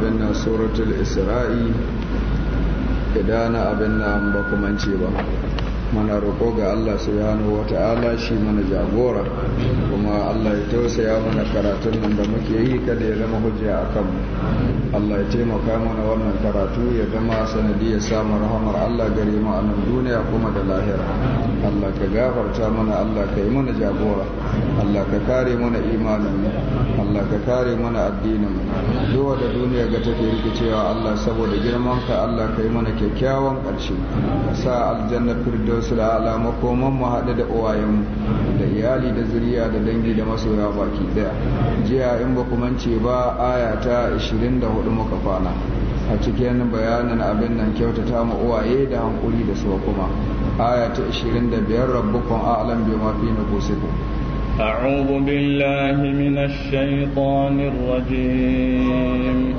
abenna suratul isra'i e dana abenna amba ko manciɓa muna roƙo ga Allah wata ala shi mana jagora kuma Allah ya tausaya mana karatun nan da muke yi kada ya zama hujja a kanmu Allah ya taimaka mana wannan karatu ya zama sanadiyar samun rahamar Allah gare mu a nan duniya kuma da lahira Allah ka gafarta mana Allah ka yi mana jagora Allah ka kare mana imanin mu Allah ka kare mana addinin mu duwa da duniya ga take rikicewa Allah saboda girman ka Allah ka yi mana kyakkyawan ƙarshe ka sa aljanna firdaus rusula alama makoman mu haɗe da uwayenmu da iyali da zuriya da dangi da masoya baki daya jiya in ba ce ba aya ta 24 muka kwana a cikin bayanin abin nan kyautata mu uwaye da hankuli da suwa kuma aya ta 25 rabbukum a'lam mafi na nufusikum أعوذ بالله من الشيطان الرجيم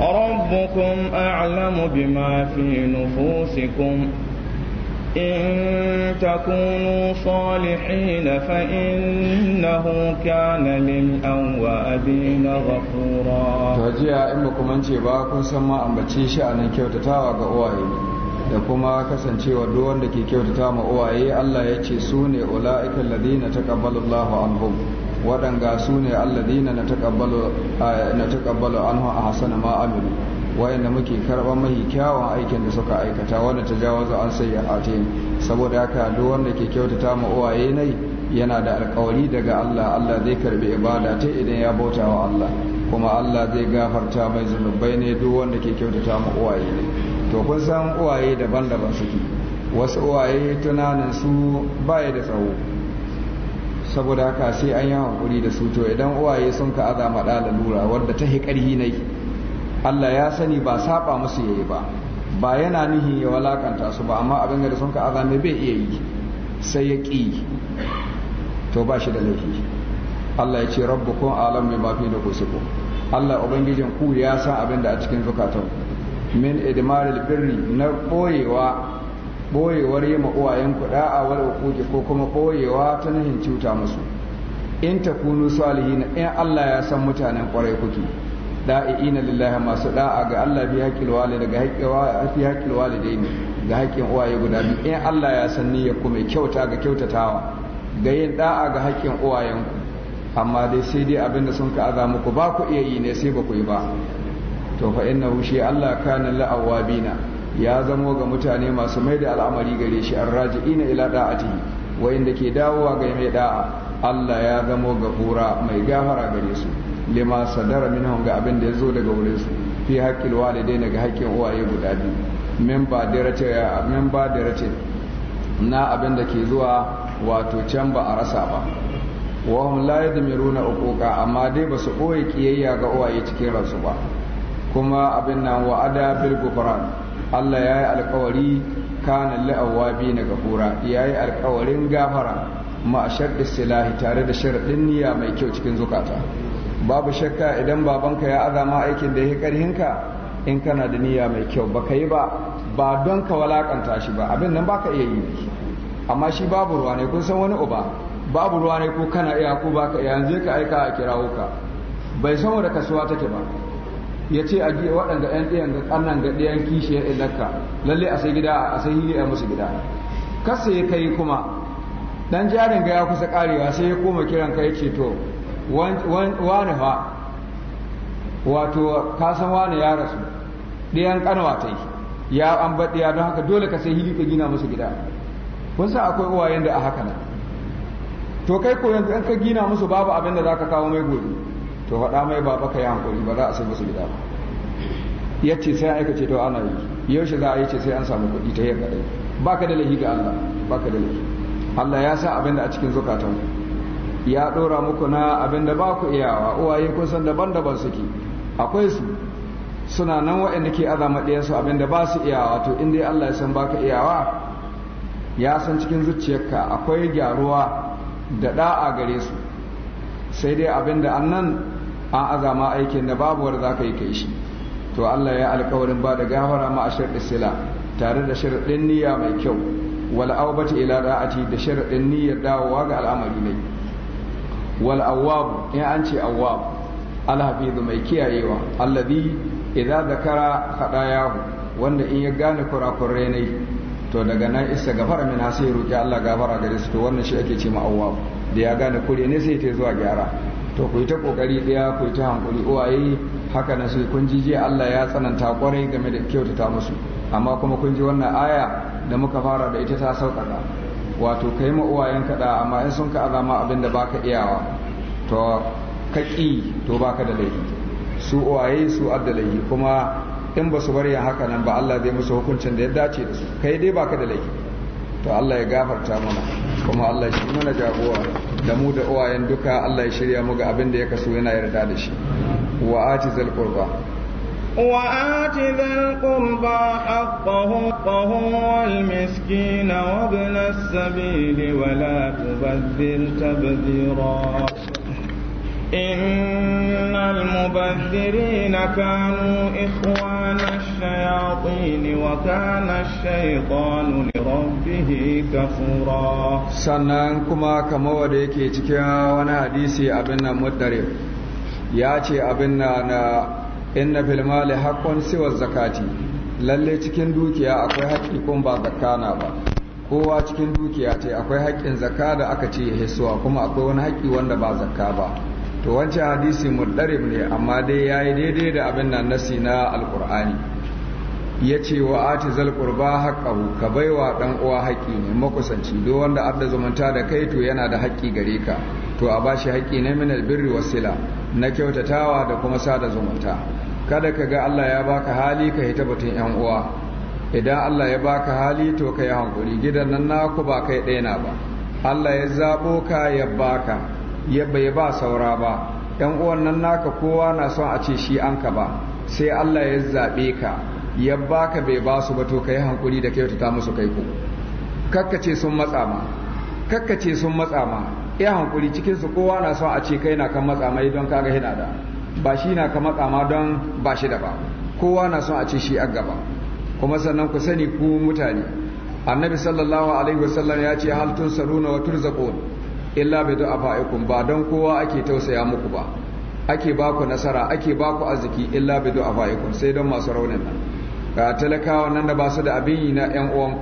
ربكم أعلم بما في نفوسكم إن تكونوا صالحين فإنه كان من أوابين غفورا توجيه إما كمان تيبا كن سمع أم بتشيش أن كيوتتاوا قوائي da kuma kasancewa duk wanda ke kyautata ma uwaye Allah ya ce su ne ula'ika alladhina taqabbalu Allahu anhum wadanga su ne alladhina na taqabbalu na taqabbalu anhu ahsana ma amilu da muke karɓar mahi kyawun aikin da suka aikata wanda ta zuwa an a atin saboda haka duk wanda ke kyautata ma uwaye nai yana da alkawari daga Allah Allah zai karbi ibada ta idan ya bauta wa Allah kuma Allah zai gafarta mai zunubai ne duk wanda ke kyautata ma uwaye ne to kun san uwaye daban-daban suke wasu uwaye tunanin su baya da tsawo saboda haka sai an yi hankuri da su to idan uwaye sun ka azama ɗa lalura wadda ta hi ƙarhi nai Allah ya sani ba saba musu yayi ba ba yana nihi ya walakanta su ba amma abin da sun ka azame bai iya yi sai ya ƙi to ba shi da laifi Allah ya ce rabbukum alam mai mafi da kusiku Allah ubangijin ku ya san abin da a cikin zukatan min idmaril birri na boyewa boyewar yi ma uwayen ku da'a wal uquqi ko kuma boyewa ta nihin cuta musu in takunu salihin in Allah ya san mutanen kwarai kuke da'iina lillahi masu da'a ga Allah fi haqqil walid ga fi haqqil walidai ga haqqin uwaye guda biyu in Allah ya san niyya ku mai kyauta ga kyautatawa ga yin da'a ga uwayen ku amma dai sai dai abinda sun ka aza muku ba ku iya yi ne sai ba ku yi ba to fa innahu shi Allah kana awabina ya zamo ga mutane masu mai da al'amari gare shi an arraji'ina ila da'atihi wayanda ke dawowa ga mai da'a Allah ya zamo ga gafura mai gafara gare su lima sadara min ga abin da ya zo daga wurin su fi haƙƙil walidai ga haƙƙin uwaye guda biyu min ba da race na abin da ke zuwa wato can ba a rasa ba hum la yadmiruna uquqa amma dai ba su ɓoye kiyayya ga uwaye cikin ransu ba kuma abin nan wa'ada bil gufran Allah ya yi alkawari kana awabi na gafura ya yi alkawarin gafara ma a silahi tare da sharaɗin niyya mai kyau cikin zukata babu shakka idan babanka ya azama aikin da ya karhinka in kana da niyya mai kyau baka yi ba ba don ka walakanta shi ba abin nan baka iya yi amma shi babu ruwa ne kun san wani uba babu ruwa ne ko kana iya ko baka iya yanzu ka aika a kirawo ka bai san wanda kasuwa take ba ya ce a giya waɗanda ɗan ɗiyan ga ƙannan ga ɗiyan kishiyar illarka lalle a sai gida a sai hili a musu gida kasa ya kai kuma ɗan jarin ga ya kusa ƙarewa sai ya koma kiran ka ya ce to wani fa wato ka san wani ya rasu ɗayan kanwa ta yi ya an baɗiya don haka dole ka sai hili ka gina musu gida kun sa akwai uwayen da a haka nan to kai ko yanzu ka gina musu babu abin da za ka kawo mai gobe to faɗa mai baba ka yi hankali ba za a sai musu gida ba ya ce sai aika ce to ana yi yaushe za a yi ce sai an samu kuɗi ta yadda ɗai ba ka da lahi ga Allah ba ka da lahi Allah ya sa abin da a cikin zukatanku ya ɗora muku na abin da ba ku iyawa uwaye kun san daban-daban suke akwai su suna nan waɗanda ke azama ɗiyansu abin da ba su iyawa to in dai Allah ya san baka iyawa ya san cikin zuciyarka akwai gyaruwa da ɗa'a gare su sai dai abin da annan an azama aikin da babuwar za ka yi kai shi to Allah ya alkawarin ba da gafara ma a sila tare da sharaɗin niyya mai kyau wal'aubata ila da'ati da sharɗin niyyar dawowa ga al'amari ne wal awwab in an ce awwab alhafizu mai kiyayewa alladhi idza zakara khadayahu wanda in ya gane kurakurai ne to daga nan isa gafara min ha sai roki Allah gafara gare su to wannan shi ake ce awwab da ya gane kure ne sai ta zuwa gyara to ku yi ta kokari daya ku yi ta hankuri uwaye haka na sai kun ji Allah ya tsananta kwarai game da kyautata musu amma kuma kun ji wannan aya da muka fara da ita ta sauƙaƙa wato ka yi uwayen kaɗa amma in sun ka azama abin da baka iyawa to ka ƙi to baka da laifi su uwaye su adda kuma in ba su bari ya haka nan ba Allah zai musu hukuncin da ya dace da su kai dai baka da laifi to Allah ya gafarta mana kuma Allah shi mana jagora da mu da uwayen duka Allah ya shirya mu ga abin da ya kaso yana yarda da shi wa ati qurba وآت ذا القربى حقه والمسكين وابن السبيل ولا تبذر تبذيرا إن المبذرين كانوا إخوان الشياطين وكان الشيطان لربه كفورا سننكما كما وديكي تكيا وانا حديثي أبنا مدرب ياتي أبنا inna fil mali haqqun siwa zakati lalle cikin dukiya akwai haƙƙi kun ba zakana ba kowa cikin dukiya ce akwai haƙƙin zakka da aka ce ya hisuwa kuma akwai wani haƙƙi wanda ba zakka ba to wancan hadisi mudarib ne amma dai yayi daidai da abin nan nasi na alqur'ani yace wa ati zal qurba haqqahu ka baiwa dan uwa haƙƙi ne makusanci do wanda adda zumunta da kai to yana da haƙƙi gare ka to a bashi haƙƙi ne min albirri wasila na kyautatawa da kuma sada zumunta kada ka ga Allah ya baka hali ka hita batun yan uwa idan Allah ya baka hali to ka yi hankuri gidan nan naku ba kai ɗaya ba Allah ya zabo ka ya baka ya bai ba saura ba yan uwan nan naka kowa na son a ce shi an ka ba sai Allah ya zaɓe ka ya baka bai ba su ba to ka yi hankuri da kyautata musu kai ku kakkace sun matsa ma kakkace sun matsa ma ya hankuri cikinsu kowa na son a ce kai na kan matsa mai don kaga hina da ba shi na kama kama don ba shi da ba kowa na son a ce shi an gaba kuma sannan ku sani ku mutane annabi sallallahu alaihi wasallam ya ce hal tun saruna wa turzaqun illa bi du'afaikum ba don kowa ake tausaya muku ba ake ba ku nasara ake ba ku arziki illa bi du'afaikum sai don masu raunin nan ga talakawa nan da ba su da abin yi na yan uwan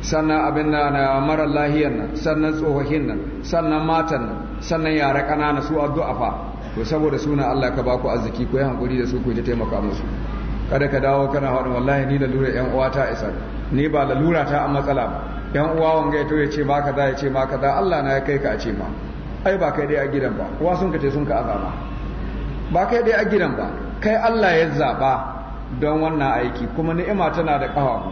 sannan abin na na mara lahiyan nan sannan tsohahin nan sannan matan nan sannan yara ƙanana su addu'afa to saboda suna Allah ka baku arziki ko yi hankuri da su ku ta taimaka musu kada ka dawo kana faɗin wallahi ni lalura yan uwa ta isa ni ba lalura ta a matsala ba yan uwa wanga ya to ya ce ma kaza ya ce ma kaza Allah na ya kai ka a ce ma ai ba kai dai a gidan ba uwa sun ka ce sun ka azama ba kai dai a gidan ba kai Allah ya zaba don wannan aiki kuma ni'ima tana da ƙafa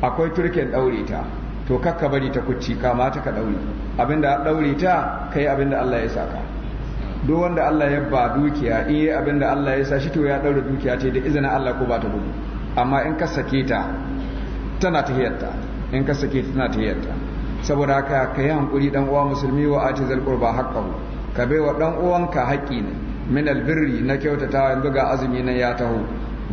akwai turken daure ta to kakka bari ta kucci kama ta ka daure abinda daure ta kai abinda Allah ya saka duk wanda Allah ya ba dukiya in yi abin da Allah ya sa shi to ya ɗaura dukiya ce da izinin Allah ko ba ta gudu amma in ka sake ta tana in ka sake ta tana saboda haka ka yi hankuri dan uwa musulmi wa ati zal qurba haqqahu ka bai wa dan uwanka haƙƙi ne min albirri na kyautata yanzu buga azumi na ya taho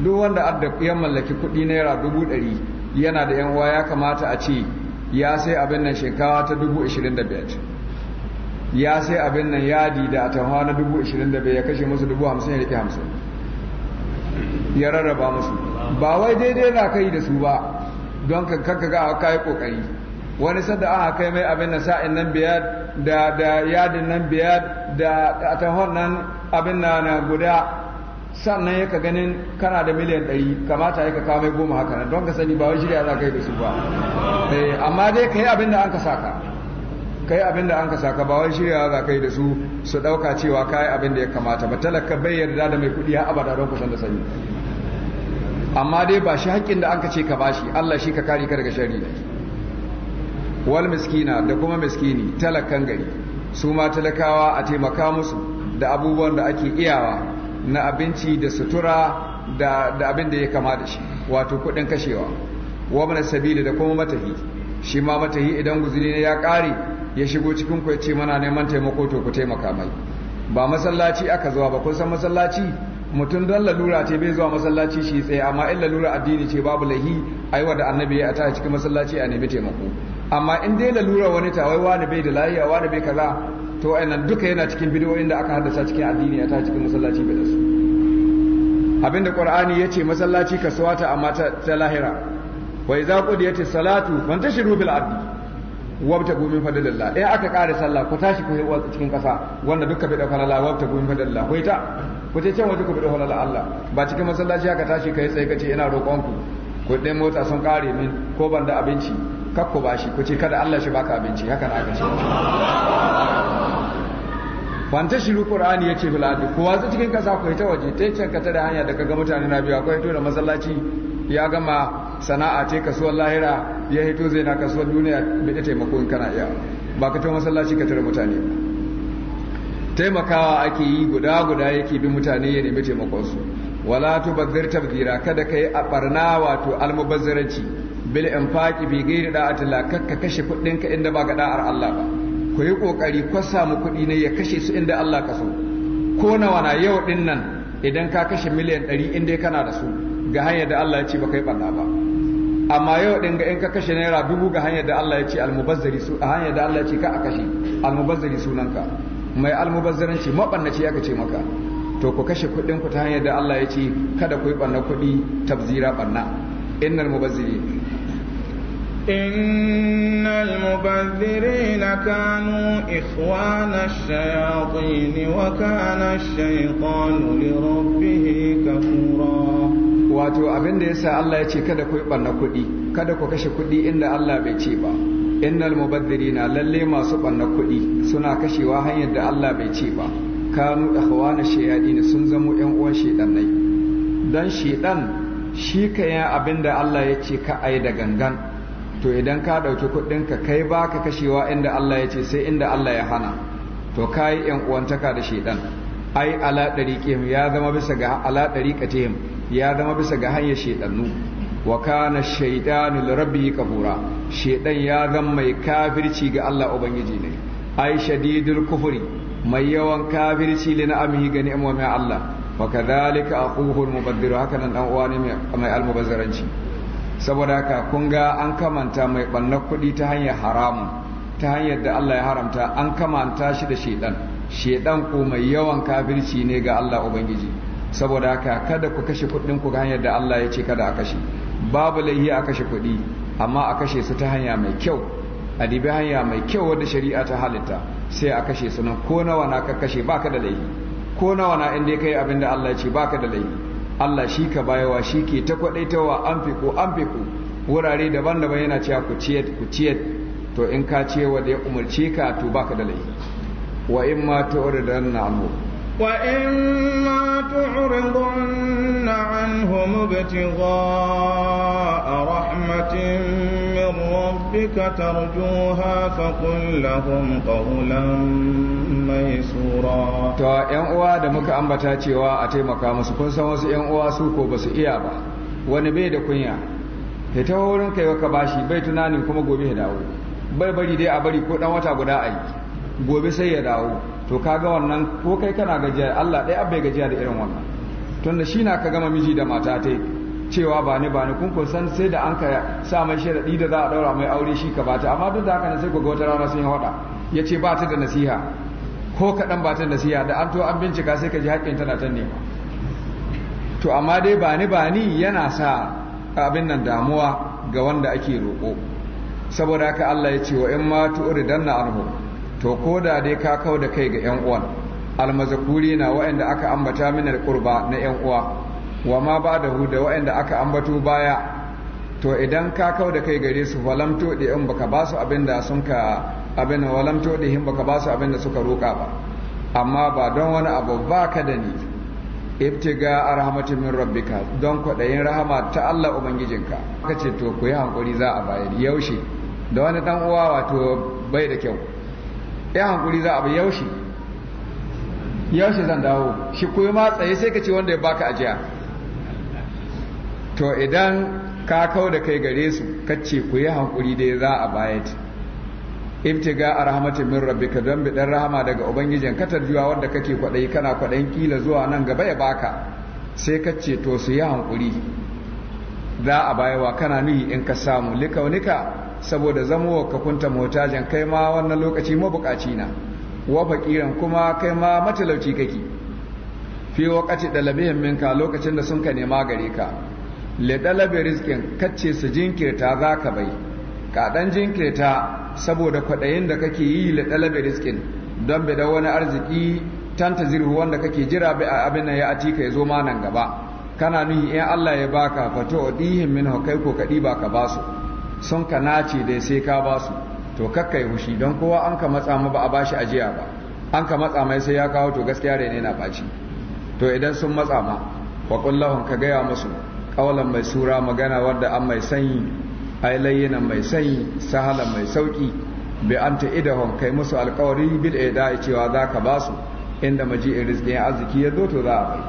duk wanda adda ya mallaki kuɗi naira dubu ɗari yana da yan uwa ya kamata a ce ya sai abin nan shekara ta dubu ashirin da biyar ya sai abin nan yadi da atamwa na dubu ishirin da bai ya kashe musu dubu hamsin ya rike hamsin ya rarraba musu ba wai daidai na kai da su ba don kanka ga aka yi kokari wani sadda aka kai mai abin nan sa'in nan biyar da da yadin nan biyar da atamwa nan abin na guda sannan yaka ganin kana da miliyan ɗari kamata ya kawo mai goma haka don ka sani ba wai shirya za ka yi da su ba eh, amma dai ka yi abin da an ka saka kai abin da an ka saka ba wai shiryawa za ka yi da su su ɗauka cewa ka yi abin da ya kamata ba talaka bai yarda da mai kuɗi ya abada don kusan da sani amma dai ba shi haƙƙin da an ka ce ka bashi Allah shi ka kare ka daga shari wal miskina da kuma miskini talakan gari su ma talakawa a taimaka musu da abubuwan da ake iyawa na abinci da sutura da abin da ya kamata shi wato kuɗin kashewa wa mana sabili da kuma matahi shi ma matahi idan guzuri ne ya ƙare ya shigo cikin ku ya ce mana neman taimako to ku taimaka mai ba masallaci aka zuwa ba kun san masallaci mutum don lalura ce bai zuwa masallaci shi tsaye amma in lalura addini ce babu lahi aiwa da annabi ya ta cikin masallaci a nemi taimako amma in dai lalura wani tawai wani bai da lahiya wani bai kaza to ainihin duka yana cikin bidiyoyin da aka haddasa cikin addini a ta cikin masallaci bai da su abinda qur'ani ya ce masallaci kasuwa ta amma ta lahira wa idza qudiyati salatu fantashiru bil ardi wabta gumin fadalillah in eh, aka kare sallah ku tashi ku yi cikin kasa wanda duka bai dafa lalla wabta gumin fadalillah ku ta ku ce can waje ku bi dafa lalla Allah ba cikin masallaci aka tashi kai tsaye kace ina roƙon ku ku dai mota sun kare min ko ban da abinci kak ku bashi ku ce kada Allah shi baka abinci haka na aka ce fanta shiru qur'ani yace bil adu ku wazu cikin kasa ku ta waje ta can ka tare hanya daga ga mutane na biyu akwai to da masallaci ya gama sana'a ce kasuwar lahira ya hito zai na kasuwar duniya bai taimako in kana iya ba ka taimaka masallaci ka tare mutane taimakawa ake yi guda guda yake bin mutane ya nemi taimakon su wala tubazzir tabdira kada kai a barna wato almubazzaranci bil infaqi bi ghairi da'ati la kakka kashe kuɗinka ka inda ba ga da'ar Allah ba ku yi kokari ku samu kuɗi ne ya kashe su inda Allah ka so ko nawa na yau din nan idan ka kashe miliyan 100 inda kana da su ga hanyar da Allah ya ce ba kai barna ba amma yau din ga in ka kashe naira dubu ga hanyar da Allah ya ce almubazzari su a hanyar da Allah ya ce ka a kashe almubazzari sunanka mai almubazzaranci mabannaci aka ce maka to ku kashe kuɗin ku ta hanyar da Allah ya ce kada ku yi banna kuɗi tabzira banna innal mubazziri إن المبذرين كانوا إخوان الشياطين وكان الشيطان لربه كفوراً wato abin da yasa Allah ya ce kada ku yi kuɗi kada ku kashe kuɗi inda Allah bai ce ba innal mubaddirina lalle masu banna kuɗi suna kashewa hanyar da Allah bai ce ba kanu ikhwana shayadin sun zamo ƴan uwan shedannai dan shedan shi ka yi abin da Allah ya ce ka ai da gangan to idan ka ɗauki ka kai ba ka kashewa inda Allah ya ce sai inda Allah ya hana to ka yi ƴan uwantaka da shedan ai ala ɗariƙihim ya zama bisa ga ala dariqatihim ya zama bisa ga hanyar shaidannu wa kana shaidanu lirabbihi kafura shaidan ya zama mai kafirci ga Allah ubangiji ne ai shadidul kufuri mai yawan kafirci li amhi ga ni'imomin Allah wa kadhalika aquhul mubaddir haka nan dan uwa ne mai almubazzaranci saboda haka kun ga an kamanta mai banna kudi ta hanyar haramun ta hanyar da Allah ya haramta an kamanta shi da shaidan shaidan ko mai yawan kafirci ne ga Allah ubangiji saboda haka kada ku kashe kuɗin ku hanyar da Allah ya ce kada a kashe babu laihi a kashe kudi amma a kashe su ta hanya mai kyau a dibi hanya mai kyau wadda shari'a ta halitta sai a kashe su nan ko nawa na ka kashe baka da laihi ko nawa na inda kai abin da Allah ya ce baka da laihi Allah shi ka bayawa shi ke ta kwadaitawa an fiko an fiko wurare daban-daban yana cewa ku ciyar ku ciyar to in ka ce wanda ya umarce ka to baka da laihi wa in ma tu'ridanna anhu وإما تعرضن عنهم ابتغاء رحمة من ربك ترجوها فقل لهم قولا ميسورا to ين uwa da muka ambata cewa a taimaka musu kun san wasu ƴan uwa su ko basu iya ba wani bai da kunya ya ta wurin kai ka bashi bai tunanin kuma gobe ya dawo bai bari dai a bari ko dan wata guda a yi gobe sai ya dawo to kaga wannan ko kai kana gajiya Allah ɗaya abai gajiya da irin wannan tunda shi na ka gama miji da mata ta cewa ba ne ba ne kun kun san sai da an ka sa mai sharaɗi da za a ɗaura mai aure shi ka bata amma duk da haka sai ku wata rana sun yi hoda ya ce ba ta da nasiha ko kaɗan ba ta da nasiha da an to an bincika sai ka ji haƙƙin tana ta nema to amma dai ba ne ba ni yana sa abin nan damuwa ga wanda ake roƙo saboda haka Allah ya ce wa in ma tu'ridanna anhu to ko da dai ka kau da kai ga yan uwan almazakuri na waɗanda aka ambata min alqurba na yan uwa wa ma ba da hu da waɗanda aka ambato baya to idan ka kau da kai gare su walamto da in baka ba su abin da sun ka abin da in baka ba su abin da suka roƙa ba amma ba don wani abu ba ka da ni ibtiga a min rabbika don kwaɗayin rahama ta Allah ubangijinka ka ce to ku yi hankuri za a bayar yaushe da wani dan uwa wato bai da kyau ya hankuri za a bi yaushe yaushe zan dawo shi koyi ma tsaye sai ka ce wanda ya baka ajiya to idan ka kau da kai gare su kace ku yi hankuri dai za a bayat ibtiga a rahmatin min rabbika don bidan rahama daga ubangijin ka tarjuwa wanda kake kwaɗayi kana kwaɗayin kila zuwa nan gaba ya baka sai kace to su yi hankuri za a bayawa kana nuhi in ka samu likaunika saboda zamowa ka kunta motajen kai ma wannan lokaci mabukaci na wa fakiran kuma kai ma matalauci kake fi waqati dalabihim minka lokacin da sun ka nema gare ka le dalabi kace su jinkirta zaka bai ka dan jinkirta saboda kwadayin da kake yi le dalabi don bai da wani arziki tanta zirhu wanda kake jira bi abin nan ya ati ya zo ma nan gaba kana nuhi in Allah ya baka fato odihim min kai ko kadi ba ka basu sun ka nace dai sai ka ba su to kakkai hushi don kowa an ka matsa ma ba a bashi ajiya ba an ka matsa mai sai ya kawo to gaskiya rene na baci to idan sun matsa ma wa kullahun ka gaya musu kawalan mai sura magana wadda an mai sanyi ai layyana mai sanyi sahalan mai sauki bi anta idahum kai musu alkawari bil ida cewa za ka ba su inda maji'in rizqin arziki ya zo to za a bai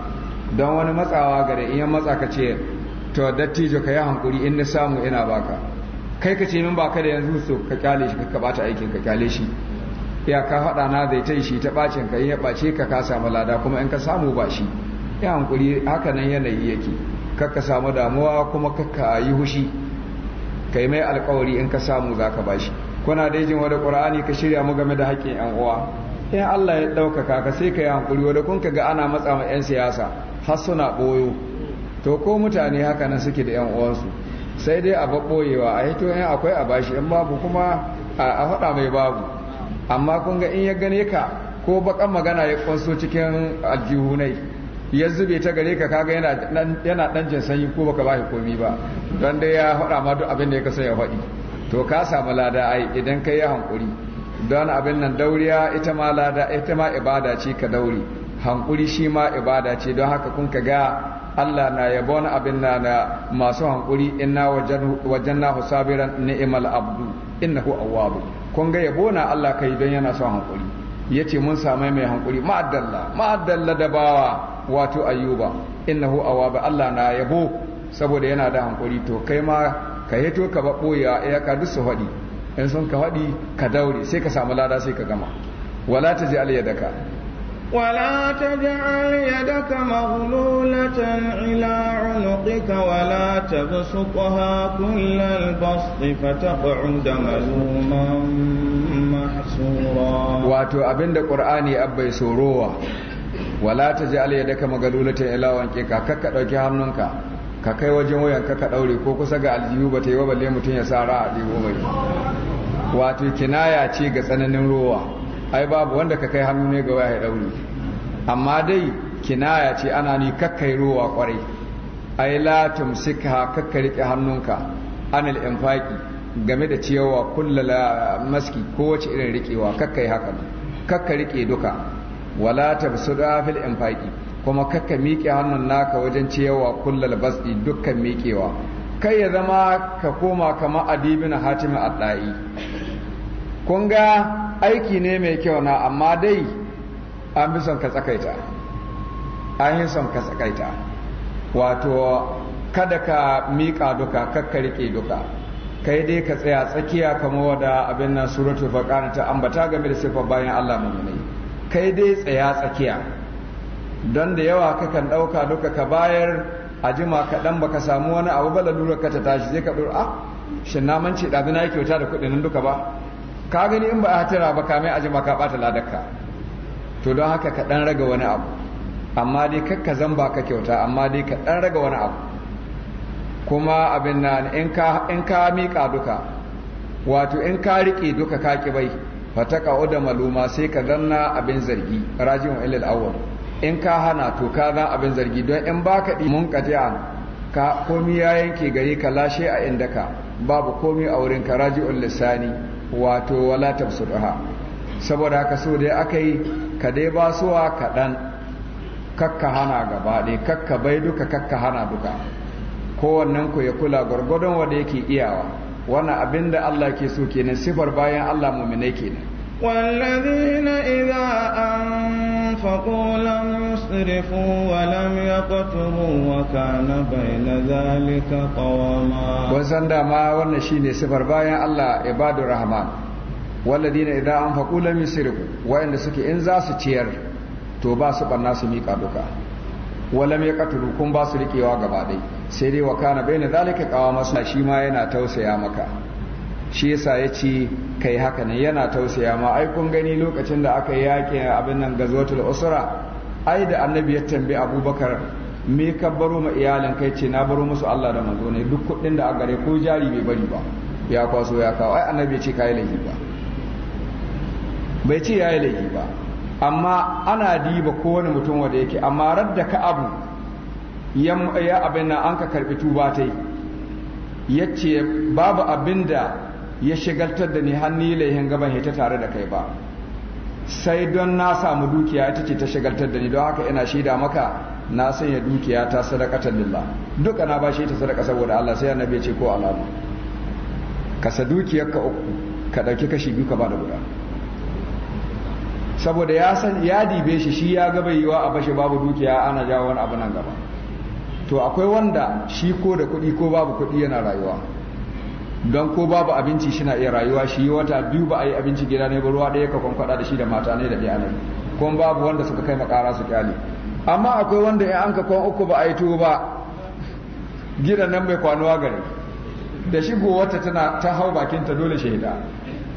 don wani matsawa gare in ya matsa ka ce to dattijo ka yi hankuri in na samu ina baka kai ka ce min ba ka da yanzu so ka kyale shi ka bata aikin ka kyale shi ya ka faɗa na zai ta shi ta bacin ka ya bace ka ka samu lada kuma in ka samu ba shi ya hankuri haka nan yanayi yake kakka samu damuwa kuma kakka yi hushi yi mai alkawari in ka samu za ka bashi kuna da jin wani ƙura'ani ka shirya mu game da haƙƙin yan uwa in Allah ya ɗaukaka ka sai ka yi hankuri wadda kun ka ga ana matsa ma yan siyasa har suna ɓoyo to ko mutane haka nan suke da yan uwansu sai dai a babboyewa a hito in akwai a bashi in babu kuma a faɗa mai babu amma kun ga in ya gane ka ko bakan magana ya kwanso cikin aljihunai ya zube ta gare ka kaga yana dan jin sanyi ko baka bashi komi ba don dai ya faɗa ma duk abin da ya kasa ya faɗi to ka samu lada ai idan kai ya hankuri don abin nan dauriya ita ma lada ita ma ibada ce ka dauri hankuri shi ma ibada ce don haka kun ka ga Allah na yabo wani abin na na masu hankuri inna wajanna husabiran ni'mal abdu innahu awwabu kun ga yabo na Allah kai dan yana son hankuri yace mun sami mai hankuri ma'addalla ma'addalla da bawa wato ayyuba innahu awwabu Allah na yabo saboda yana da hankuri to kai ma ka hito ka boya ya ka dusu hadi in sun ka hadi ka daure sai ka samu lada sai ka gama wala ta ya aliyadaka ولا تجعل يدك مغلولة إلى عنقك ولا تبسطها كل البسط فتقعد ملوما محسورا واتو أبند قرآني أبي سوروا ولا تجعل يدك مغلولة إلى عنقك ككك hannunka ka kai wajen wayanka ka ɗaure, ko kusa ga aljihu bata ta yi wa balle mutum ya sa ra'a ɗigo mai wato kinaya ce ga tsananin rowa ai babu wanda ka kai hannu ne ga waya ya daure amma dai kinaya ce ana ni kakkai rowa kwarai ai la tumsikha kakka rike hannunka anil infaqi game da cewa kullala maski ko wace irin rikewa kakkai haka kakka rike duka wala tabsuda fil infaqi kuma kakka miƙe hannun naka wajen cewa kullal basdi dukkan miƙewa kai ya zama ka koma kama adibin hatimin adda'i kun ga aiki ne mai kyau na amma dai an bi son ka tsakaita an yi son ka tsakaita wato kada ka miƙa duka kakka riƙe duka kai dai ka tsaya tsakiya kama wada abin nan suratul faqara ta ambata game da sifar bayan Allah mummuni kai dai tsaya tsakiya don da yawa kakan ɗauka duka ka bayar a jima kaɗan baka samu wani abu ba lalura ka ta tashi zai ka ɗora ah shin na mance ɗazu na kyauta da kuɗin duka ba ka gani in ba a hatira ba kamai a jima ka bata ladarka to don haka ka dan raga wani abu amma dai kakka zan ba ka kyauta amma dai ka dan raga wani abu kuma abin na in ka mika duka wato in ka riƙe duka ka ki bai fataka oda maluma sai ka zanna abin zargi rajin ilal awwal in ka hana to ka zan abin zargi don in ba ka ɗi mun kajiya ka komi ya yanke gari ka lashe a inda ka babu komi a wurin ka raji'un lissani wato wala tabsuduha saboda haka so dai aka yi ka dai ba suwa kaɗan kakka hana gaba ɗaya kakka bai duka kakka hana duka kowannen ku ya kula gwargwadon wanda yake iyawa wannan abin da Allah ke so kenan sifar bayan Allah muminai kenan والذين إذا أنفقوا لم يسرفوا ولم يقتروا وكان بين ذلك قواما وزن ما وانا شيني سفر بايا الله عباد الرحمن والذين إذا أنفقوا لم يسرفوا وإن سكي إنزا سچير to ba su barna su miƙa duka walam ya katuru kun ba su riƙewa gaba ɗai sai dai wa kana bai na zalika kawa masu shi ma yana tausaya maka shi yasa ya ce kai haka nan yana tausaya ma ai kun gani lokacin da aka yaƙi abin nan gazwatul usra ai da annabi ya tambayi abubakar me ka baro ma iyalin kai ce na baro musu Allah da manzo ne duk kuɗin da a gare ko jari bai bari ba ya kwaso ya kawo ai annabi ya ce kai laifi ba bai ce yayi laifi ba amma ana diba kowane mutum wanda yake amma radda ka abu ya abin nan an ka karbi tuba tai yace babu abin da ya shigaltar da ni hannu laihin gaban hita tare da kai ba sai don na samu dukiya ita ce ta shigaltar da ni don haka ina shaida maka na sanya dukiya ta sadakatan lillah duka na bashi ta sadaka saboda Allah sai annabi ya ce ko ka kasa dukiyar ka uku ka dauki kashi biyu ka bada guda saboda ya san ya dibe shi shi ya gaba yiwa a bashi babu dukiya ana jawo wani abu nan gaba to akwai wanda shi ko da kuɗi ko babu kuɗi yana rayuwa don ko babu abinci shi na iya rayuwa shi wata biyu ba a yi abinci gida ne ba ruwa ɗaya ka kwankwada da shi da mata ne da iyalai kuma babu wanda suka kai makara su kyale amma akwai wanda ya an ka kwan uku ba a yi tuwo ba gidan nan mai kwanuwa gari. da shigo wata tana ta hau bakin ta dole shaida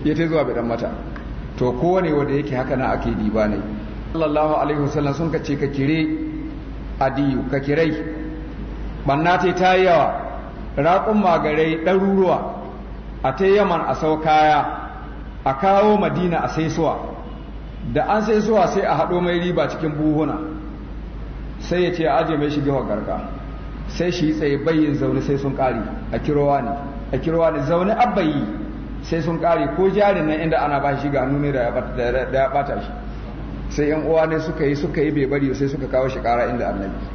ya ta zuwa bidan mata to kowane wanda yake haka na ake diba ne sallallahu alaihi wasallam sun ka ce ka kire adiyu ka kirai banna ta yi yawa raƙun magarai ɗaruruwa a ta yaman a sau kaya a kawo madina a sai suwa da an sai suwa sai a haɗo mai riba cikin buhuna sai ya ce a aje mai shiga garga sai shi tsaye bayin zaune sai sun ƙari a kirowa ne a kirowa ne zaune abbayi sai sun ƙari ko jarin nan inda ana ba shi ganu ne da ya bata shi sai yan uwa ne suka yi suka yi bai bari sai suka kawo shi ƙara inda annabi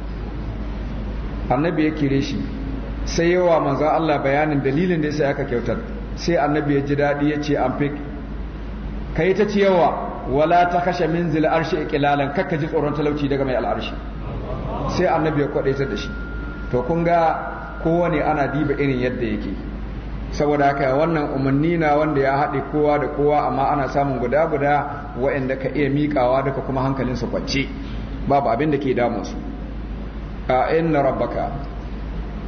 annabi ya kire shi sai yawa manzan Allah bayanin dalilin da yasa aka kyautar sai annabi ya ji daɗi ya ce an fi kai ta ciyawa wala ta kashe min zila arshi ikilalan kakka ji tsoron talauci daga mai al'arshi sai annabi ya ta da shi to kun ga kowane ana diba irin yadda yake saboda haka wannan umarni na wanda ya haɗe kowa da kowa amma ana samun guda guda waɗanda ka iya miƙawa duka kuma hankalinsu kwance babu abin da ke su a inna rabbaka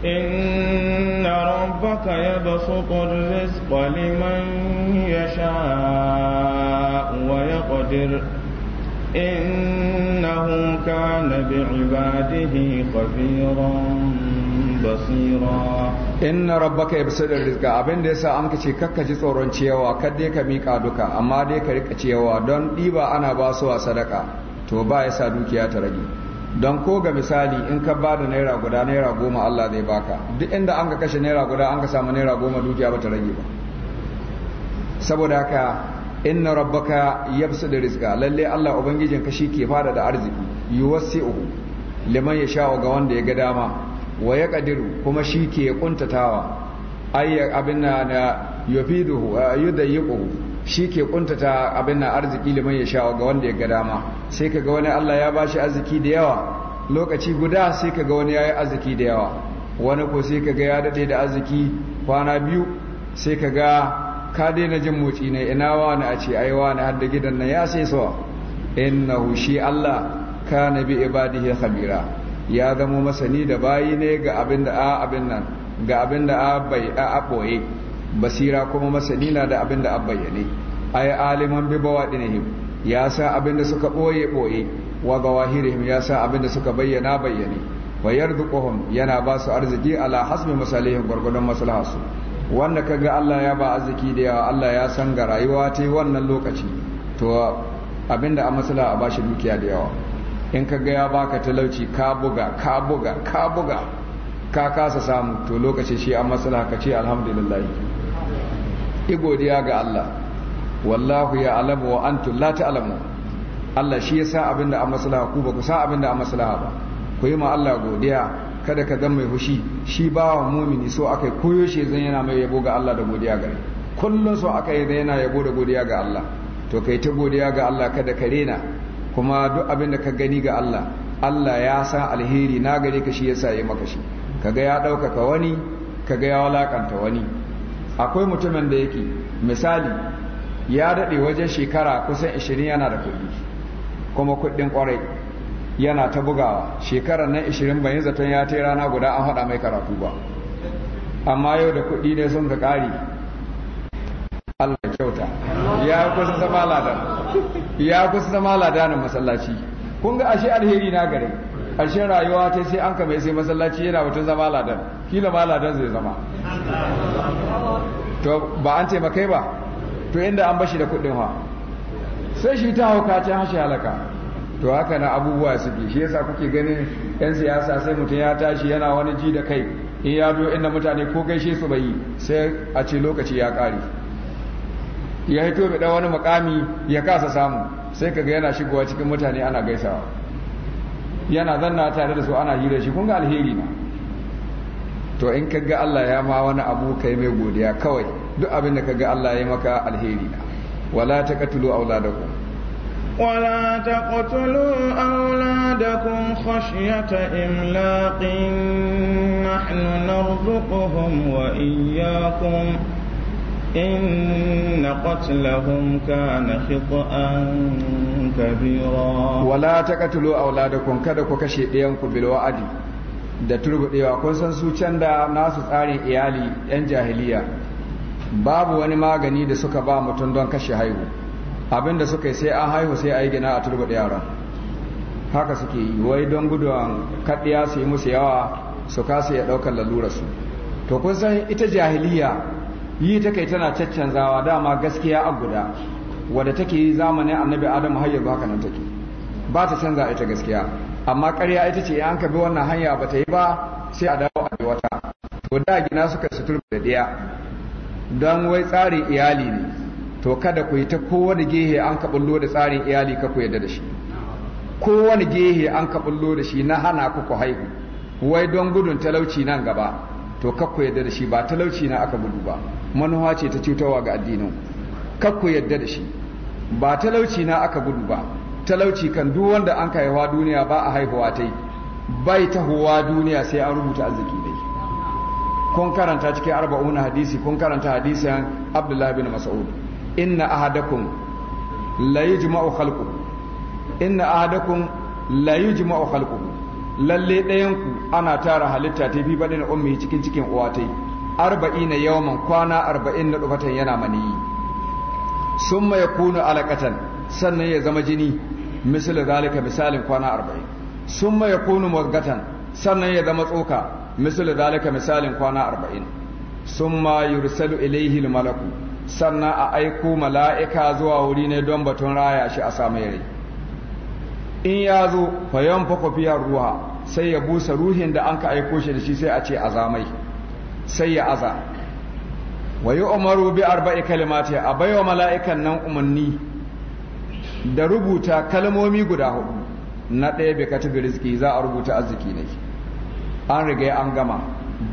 إن ربك يبسط الرزق لمن يشاء ويقدر إنه كان بعباده خبيرا basira inna rabbaka yabsudur rizqa abin da yasa an kace kakka ji tsoron cewa kadai ka mika duka amma dai ka rika ciyawa don diba ana basuwa sadaka to ba yasa dukiya ta rage don ko ga misali in ka ba da naira guda naira goma Allah zai baka duk inda an ka kashe naira guda an ka samu naira goma dukiya ba ta rage ba saboda haka inna rabbaka yabsu da rizka lalle Allah ubangijin ka shi ke fada da arziki uku. liman ya yasha'u ga wanda ya ga dama wa kadiru kuma shi ke kuntatawa ayya abin na yufiduhu ku. Uh, shi ke kuntata abin na arziki liman ya sha ga wanda ya ga dama sai ka ga wani Allah ya bashi arziki da yawa lokaci guda sai ka ga wani ya yi arziki da yawa wani ko sai ka ga ya daɗe da arziki kwana biyu sai ka ga ka daina jin motsi na ina wani a ce ai wani har da gidan nan ya sai sawa Inna shi Allah ka na bi ibadihi khabira ya zamo masani da bayi ne ga abin da a abin nan ga abin da a bai a aboye. basira kuma masani na da abin da an bayyane ay aliman bi bawadinihim ya sa abin da suka boye boye wa zawahirihim ya sa abin da suka bayyana bayyane wa yarzuquhum yana ba su arziki ala hasbi gwargwadon maslaha maslahasu wanda ka ga Allah ya ba arziki da yawa Allah ya san ga rayuwa ta wannan lokaci to abin da a maslaha a ba shi dukiya da yawa in ka ga ya baka talauci ka buga ka buga ka buga ka kasa samu to lokaci shi a maslaha ka ce alhamdulillah yi godiya ga Allah wallahu ya alamu wa la alamu Allah shi ya sa abin da a maslaha ku ba ku sa abin da a maslaha ba ku yi ma Allah godiya kada ka zan mai hushi shi ba wa mumini so akai koyo shi zan yana mai yabo ga Allah da godiya gare kullum so yi zan yana yabo da godiya ga Allah to kai ta godiya ga Allah kada ka rena kuma duk abin da ka gani ga Allah Allah ya sa alheri na gare ka shi ya sa ya maka shi kaga ya ɗaukaka wani kaga ya walakanta wani akwai mutumin da yake misali ya daɗe wajen shekara kusan 20 yana da kuɗi kuma kuɗin ƙwarai yana ta bugawa shekarar nan 20 bayan zaton ya ta rana guda an haɗa mai karatu ba amma yau da kuɗi ne sun ka ƙari Allah kyauta ya kusa zama ladan ya kusa zama ladanin masallaci kun ga ashe alheri na gare ƙarshen rayuwa ta sai an kame sai masallaci yana mutum zama ladan kila ma ladan zai zama to ba an taimakai ba to inda an bashi da kuɗin ha sai shi ta hauka ce hashe halaka to haka na abubuwa suke shi yasa kuke ganin yan siyasa sai mutum ya tashi yana wani ji da kai in ya biyo inda mutane ko gaishe su bai yi sai a ce lokaci ya ƙare ya hito bi wani mukami ya kasa samu sai kaga yana shigowa cikin mutane ana gaisawa yana zanna tare da su ana hira shi kun ga alheri ne to in ka ga Allah ya ma wani abu kai mai godiya kawai duk abin da ka ga Allah ya maka alheri ne wala taqtulu auladakum ولا auladakum khashyata imlaqin nahnu narzuquhum wa iyyakum إن قتلهم كان خطأ كبيرا ولا تقتلوا أولادكم كذا كشي ديانكم بالوعد da turbudewa kun san su can da nasu tsarin iyali 'yan jahiliya babu wani magani da suka ba mutum don kashe haihu abinda suka yi sai an haihu sai a yi gina a turbuɗe yaran haka suke yi wai don gudun kaɗiya su yi musu yawa su kasa ya ɗaukar lalurarsu to kun san ita jahiliya yi ta kai tana caccanzawa dama gaskiya a guda wadda take yi zamanin annabi adamu har yanzu haka nan take ba ta canza ita gaskiya amma karya ita ce an ka bi wannan hanya ba ta yi ba sai a dawo a bi wata to da gina suka sutur da ɗaya don wai tsarin iyali ne to kada ku yi ta kowane gehe an ka bullo da tsarin iyali ka ku yadda da shi kowane gehe an ka bullo da shi na hana ku ku haihu wai don gudun talauci nan gaba to kakku yadda da shi ba talauci na aka gudu ba manuwa ce ta cutarwa ga addinin kakku yadda da shi ba talauci na aka gudu ba talauci kan duk wanda an haihuwa duniya ba a haihuwa ta yi bai tahowa duniya sai an rubuta arziki dai kun karanta cikin arba'una hadisi kun karanta hadisin abdullahi bin mas'ud inna ahadakum la yujma'u khalqu inna ahadakum la khalqu lalle ɗayanku ana tara halitta ta fi baɗin ummi cikin cikin uwatai arba'i na yawman kwana arba'in na ɗufatan yana maniyi sun ya kunu alaƙatan sannan ya zama jini misali zalika misalin kwana arba'in sun ya kunu magatan sannan ya zama tsoka misali zalika misalin kwana arba'in sun ma yursalu ilaihi malaku sannan a aiko mala'ika zuwa wuri ne don batun raya shi a samu rai in ya zo fayan fakwafiyar ruwa sai ya busa ruhin da an ka aiko shi da shi sai a ce azamai sai ya aza wa yi umaru bi arba'i kalimati a baiwa mala'ikan nan umarni da rubuta kalmomi guda hudu na ɗaya bai katabi rizki za a rubuta arziki ne an riga an gama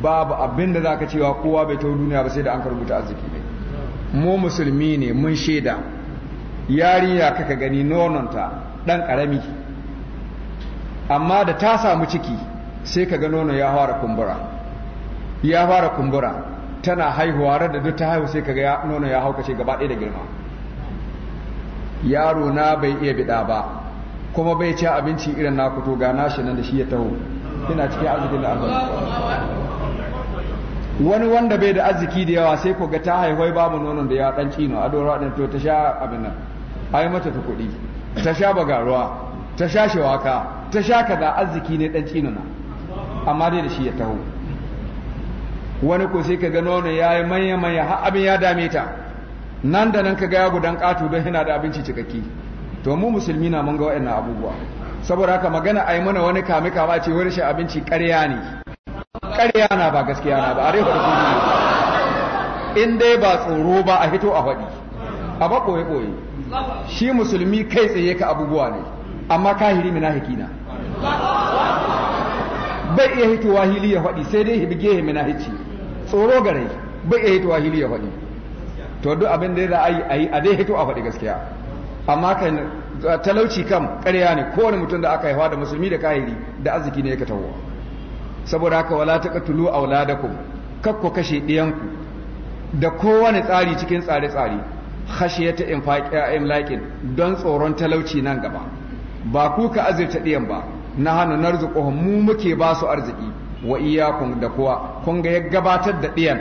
babu abin da za ka cewa kowa bai ta duniya ba sai da an ka rubuta arziki ne mu musulmi ne mun shaida yarinya kaka gani nononta ɗan ƙarami amma da ta samu ciki sai ka ga nono ya fara kumbura ya fara kumbura tana haihuwa da duk ta haihu sai ka ga nono ya haukace gaba ɗaya da girma yaro na bai iya bida ba kuma bai ci abinci irin na to, ga nashi nan da shi ya taho yana cikin arzikin da Allah wani wanda bai da arziki da yawa sai ko ga ta haihuwa babu nonon da ya dan cino a dora din to ta sha abin nan ai mata ta kuɗi ta sha bagaruwa ta sha waka ta sha kaza arziki ne dan cinana amma dai da shi ya taho wani ko sai ka ga nono ya yi manya manya har abin ya dame ta nan da nan ka ga ya gudan katu don yana da abinci cikakke to mu musulmi na mun ga waɗannan abubuwa saboda haka magana ai mana wani kame kama ce wani shi abinci ƙarya ne ƙarya na ba gaskiya na ba a rai hudu in dai ba tsoro ba a hito a faɗi a ba ɓoye-ɓoye shi musulmi kai tsaye ka abubuwa ne amma kahiri munafiki na bai iya hitowa hili ya faɗi sai dai hibge ya munafici tsoro gare bai iya hitowa hili ya faɗi to duk abin da ya yi a yi a dai hito a faɗi gaskiya amma kan talauci kam ƙarya ne kowane mutum da aka haifa da musulmi da kahiri da arziki ne ya tawo saboda haka wala ta a da ku kakko kashe ɗiyanku da kowane tsari cikin tsare-tsare khashiyata ta a don tsoron talauci nan gaba ba ku ka azirta ɗiyan ba na hannu na narzuquhum mu muke ba su arziki wa iyyakum da kuwa kun ga ya gabatar da ɗiyan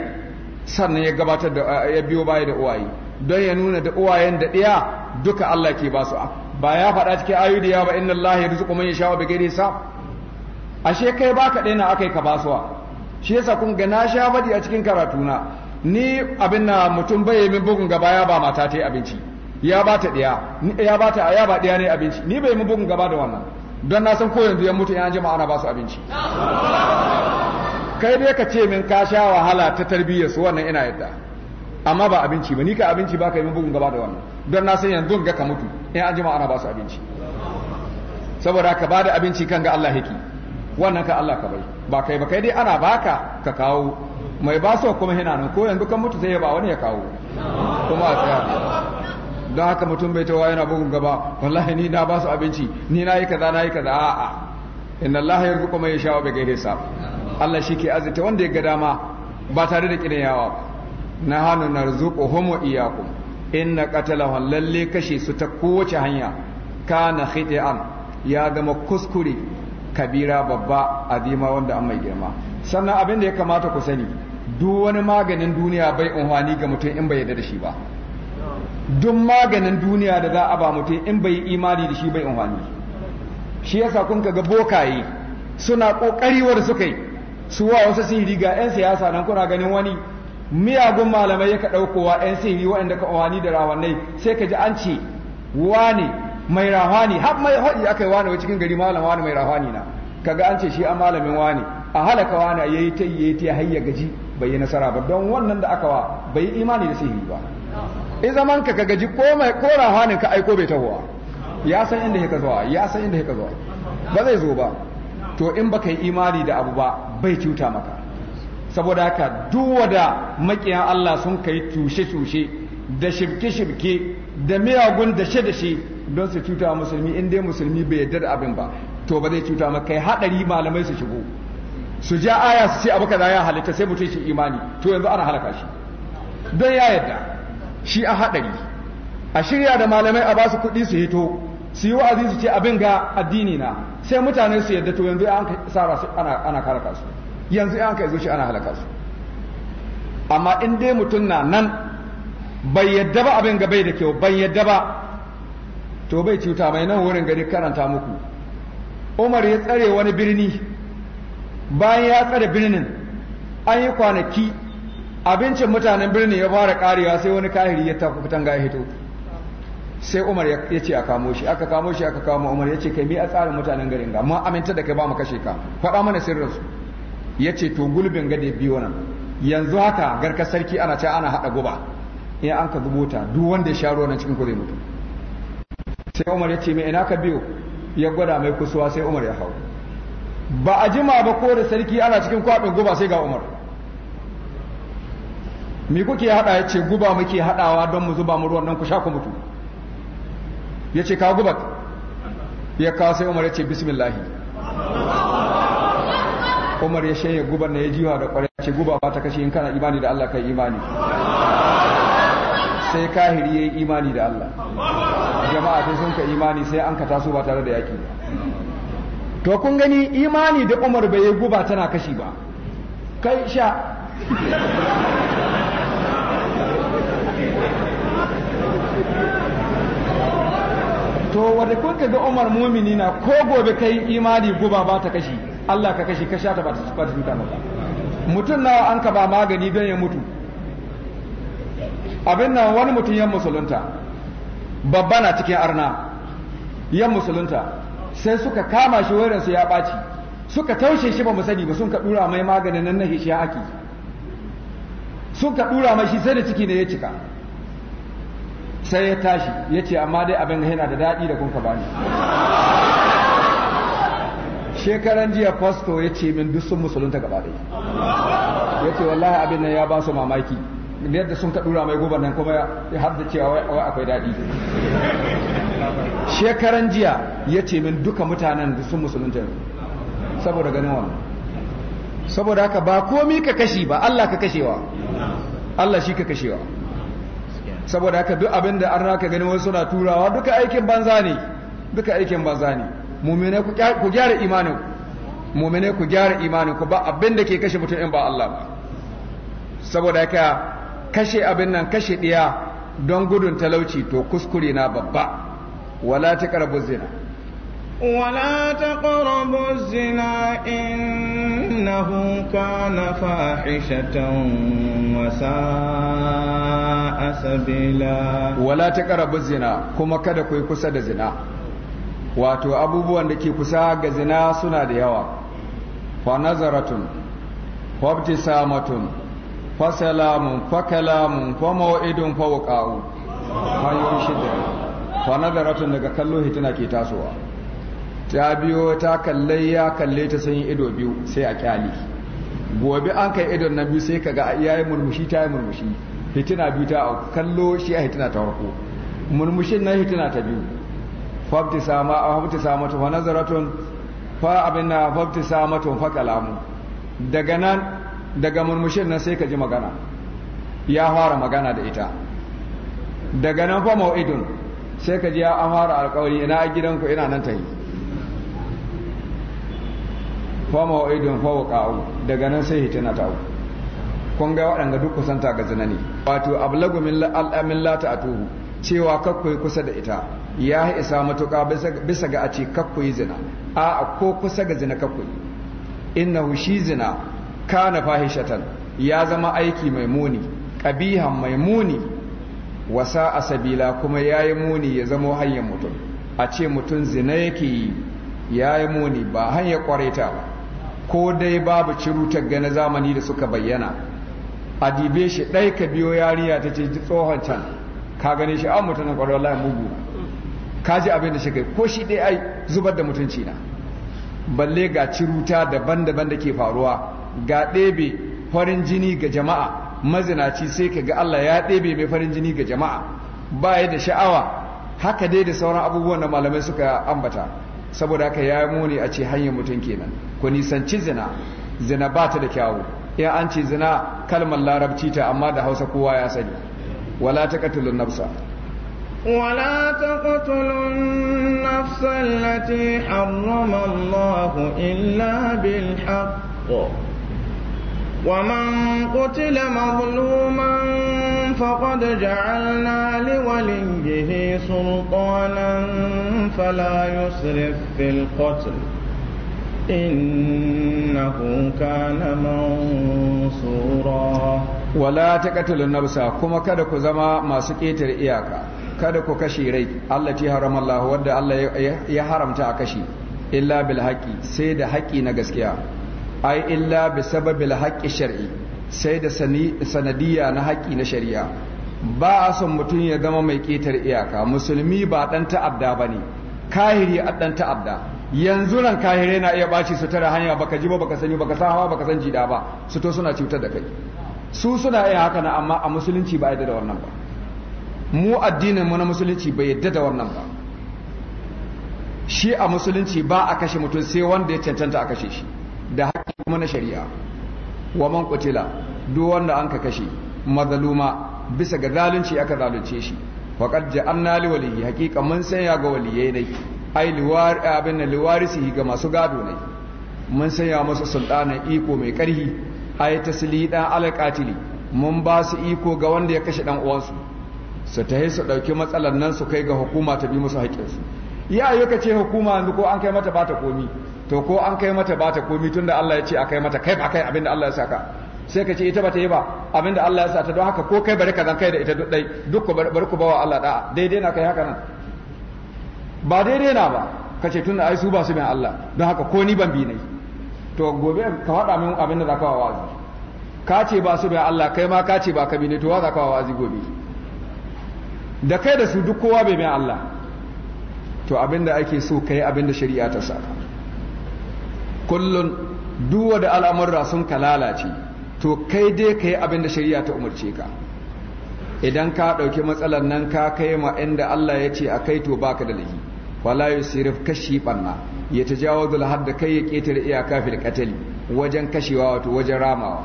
sannan ya gabatar da ya biyo baya da uwaye don ya nuna da uwayen da ɗiya duka Allah ke ba su ba ya faɗa cikin ayu da ba inna Allah ya rizuku man yasha bi ghairi hisab ashe kai baka daina akai ka basuwa shi yasa kun ga na sha badi a cikin karatuna ni abin na mutum bai min bugun gaba ya ba mata ta abinci ya ba ta ɗiya ya ba ta ya ba ɗaya ne abinci ni bai mu bugun gaba da wannan don na san ko yanzu ya mutu ya jima ana ba su abinci kai dai ka ce min ka sha wahala ta tarbiyyar su wannan ina yadda amma ba abinci ba ni ka abinci ba ka yi bugun gaba da wannan don na san yanzu ga ka mutu in an ana ba su abinci saboda ka ba da abinci kan ga Allah yake wannan ka Allah ka bai ba kai ba kai dai ana baka ka kawo mai ba su kuma hina nan ko yanzu kan mutu sai ya ba wani ya kawo kuma a tsaya don haka mutum bai tawa yana bugun gaba wallahi ni na ba su abinci ni na yi kaza na yi kaza a'a inna allaha yarzuqu man yasha bai ghairi sa. Allah shi ke azita wanda ya ga dama ba tare da kinayawa yawa na hanu narzuquhum wa iyyakum inna qatalahum lalle kashe su ta kowace hanya kana an ya gama kuskure kabira babba azima wanda an mai girma sannan abin da ya kamata ku sani duk wani maganin duniya bai unhani ga mutum in bai yarda da shi ba duk maganin duniya da za a ba mutum in bai imani da shi bai amfani shi yasa kun ga bokaye suna kokari war suka yi su wa wasu sihiri ga yan siyasa nan kuna ganin wani miyagun malamai yaka daukowa yan sihiri waɗanda ka amfani da rawanai. sai ka ji an ce wani mai rahani har mai hadi akai wane wa cikin gari malam mai rahani na kaga an ce shi a malamin wani a halaka wane yayi ta yayi ta hayya gaji bai yi nasara ba don wannan da aka wa bai imani da sihiri ba in zaman ka ka gaji ko mai kora ka aiko bai tahowa ya san inda ka zuwa ya san inda ka zuwa ba zai zo ba to in baka yi imani da abu ba bai cuta maka saboda haka duk wada makiyan Allah sun kai tushe-tushe da shirke-shirke da miyagun dashe-dashe don su cuta musulmi in dai musulmi bai yarda da abin ba to ba zai cuta maka kai hadari malamai su shigo su ja aya su ce abu kaza ya halitta sai mutum shi imani to yanzu ana halaka shi don ya yarda shi a haɗari a shirya da malamai a basu kuɗi su hito su yi wa'azi su ce abin ga addini na sai mutane su yadda to yanzu an sara su ana ana halaka su yanzu an kai zuci ana halaka su amma in dai mutum na nan bai yadda ba abin ga bai da kyau bai yadda ba to bai cuta mai nan wurin gari karanta muku Umar ya tsare wani birni bayan ya tsare birnin an yi kwanaki abincin mutanen birni ya fara karewa sai wani kahiri ya tafi fitan ga hito sai umar ya ce a kamo shi aka kamo shi aka kamo umar ya ce kai mi a tsarin mutanen garin ga mun aminta da kai ba mu kashe ka faɗa mana sirrinsu ya ce to gulbin gade biyo nan yanzu haka garkar sarki ana ce ana haɗa guba in an ka gubota duk wanda ya sha ruwa nan cikin ku zai mutu sai umar ya ce mai ina ka biyo ya gwada mai kusuwa sai umar ya hau ba a jima ba ko da sarki ana cikin kwaɓin guba sai ga umar me kuke hada ya ce guba muke hadawa don mu zuba mu ruwan nan ku sha ku mutu ya ce ka gubat ya kawo sai umar ya ce bismillahi umar ya shanye guba na ya jiwa da kwarai ce guba ba ta kashe in kana imani da Allah kai imani sai kahiri ya yi imani da Allah jama'a sai sun ka imani sai an ka taso ba tare da yaki to kun gani imani da umar bai yi guba tana kashi ba kai sha to wanda kun ga Umar mumini na ko gobe kai imani guba ba ta kashi Allah ka kashi ka sha ta ba ta cuta Mutun mutum nawa an ka ba magani don ya mutu abin nan wani mutum yan musulunta babba na cikin arna yan musulunta sai suka kama shi wurin ya ɓaci suka taushe shi ba mu sani ba sun ka dura mai maganin nan na hishiya ake? sun ka dura mai shi sai da ciki ne ya cika sai ya tashi ya ce amma dai abin yana da daɗi da kunka bani shekaran jiya fasto ya ce min duk sun musulunta gaba ɗaya ya ce wallahi abin nan ya ba su mamaki yadda sun ka ɗura mai guba nan kuma ya hadda cewa wai akwai daɗi shekaran jiya ya ce min duka mutanen da sun musulunta saboda ganin wannan saboda haka ba komi ka kashi ba Allah ka kashewa Allah shi ka kashewa saboda haka duk abin da an raka gani wasu suna turawa duka aikin banza ne duka aikin banza ne mumine ku gyara imanin mumine ku gyara imanin ku ba abin da ke kashe mutum in ba Allah ba saboda haka kashe abin nan kashe ɗiya don gudun talauci to kuskure na babba wala ta zina ولا تقربوا الزنا إنه كان فاحشة وساء سبيلا ولا تقربوا الزنا كما كدا كوي كسا دا زنا واتو أبوبوان دكي كسا دا زنا سنا ديوا فنظرة وابتسامة فسلام فكلام فموئد فوقاو فنظرة daga kallo hitina ke tasowa ta biyo ta kalle ya kalle ta sanin ido biyu sai a kyali gobe an kai idon na biyu sai ka ga ya yi murmushi ta yi murmushi hitina biyu ta kallo shi a hitina ta farko murmushin na hitina ta biyu fafti sama a fafti sama ta nazaratun fa abin na fafti sama ta fa kalamu daga nan daga murmushin nan sai ka ji magana ya fara magana da ita daga nan fa mau'idun sai ka ji ya an fara alƙawari ina gidanku ina nan ta yi wa mawa'idun fa ka'u daga nan sai hitina ta auku kun ga waɗanda duk kusanta ga zina ne wato ablagu min al'amin la cewa kakkoyi kusa da ita ya isa matuƙa bisa ga a ce kakkoyi zina a ko kusa ga zina kakkoyi innahu shi zina kana fahishatan ya zama aiki mai muni ƙabihan mai muni wasa a sabila kuma ya yi muni ya zama hanyar mutum a ce mutum zina yake yi ya yi muni ba hanyar ta ba ko dai babu cirutar gane na zamani da suka bayyana a dibe shi ɗai ka biyo yariya ta ce tsohon can ka gane shi an mutunan ƙwarar lai mugu ka ji abin da shi kai ko shi ɗai ai zubar da mutunci na balle ga ciruta daban-daban da ke faruwa ga ɗebe farin jini ga jama'a mazinaci sai ka ga Allah ya ɗebe mai farin jini ga jama'a ba da sha'awa haka dai da sauran abubuwan da malamai suka ambata saboda haka ya muni a ce hanyar mutum kenan ku nisanci zina zina ba ta da kyawu in an ce zina kalmar larabci ta amma da hausa kowa ya sani wala ta katulun nafsa ولا تقتلوا النفس التي حرم الله إلا بالحق ومن قتل مظلوما فقد جعلنا لوليه سلطانا فلا يسرف في القتل إنه كان منصورا ولا تقتل النفس كما kada ku zama masu ƙetare iyaka kada ku kashe rai Allah ti ya haramta a kashe. illa bil sai da haƙi na gaskiya ai illa bi sababil haqqi shar'i sai da sanadiyya na haƙƙi na shari'a ba a son mutum ya zama mai ƙetar iyaka musulmi ba ɗan ta'abda ba ne kahiri a ɗan ta'abda yanzu nan kahire na iya ɓaci su tara hanya baka ji ba baka sani baka san hawa baka san jida ba su to suna cutar da kai su suna iya haka na amma a musulunci ba yadda da wannan ba mu addinin mu na musulunci bai yadda da wannan ba shi a musulunci ba a kashe mutum sai wanda ya cancanta a kashe shi kuma na shari'a wa man kutila duk wanda anka kashe mazaluma bisa ga zalunci aka zalunce shi qad ja'alna li waliyyi haqiqa mun sanya ga waliyai ne ai liwar abin liwarisi ga masu gado ne mun sanya musu sultana iko mai karhi ai taslida ala qatili mun ba su iko ga wanda ya kashe dan uwansu su tahe su dauki matsalar nan su kai ga hukuma ta bi musu haƙƙinsu ya ayyuka ce hukuma yanzu ko an kai mata bata komi to ko an kai mata bata komi tunda Allah ya ce a kai mata kai ba kai abinda Allah ya saka sai ka ce ita ba ta yi ba abinda Allah ya sa ta don haka ko kai bari ka zan kai da ita dai duk ku bari ku bawa Allah da'a daidai na kai haka nan ba daidai na ba ka ce tunda ai su ba su mai Allah don haka ko ni ban bi ne to gobe ka faɗa min abinda za ka wa wazi ka ce ba su mai Allah kai ma ka ce ba ka bi ne to wa za ka wa wazi gobe da kai da su duk kowa bai mai Allah to abinda ake so kai abinda shari'a ta saka Kullum duwa da al'amurra sun ka lalace to kai dai ka yi abin da shari'a ta umarce ka idan ka ɗauki matsalar nan ka kai ma inda Allah ya ce a kai to baka da lahi wala sirif kashi banna ya tajawazu lahad da kai ya ketare iyaka da qatl wajen kashewa wato wajen ramawa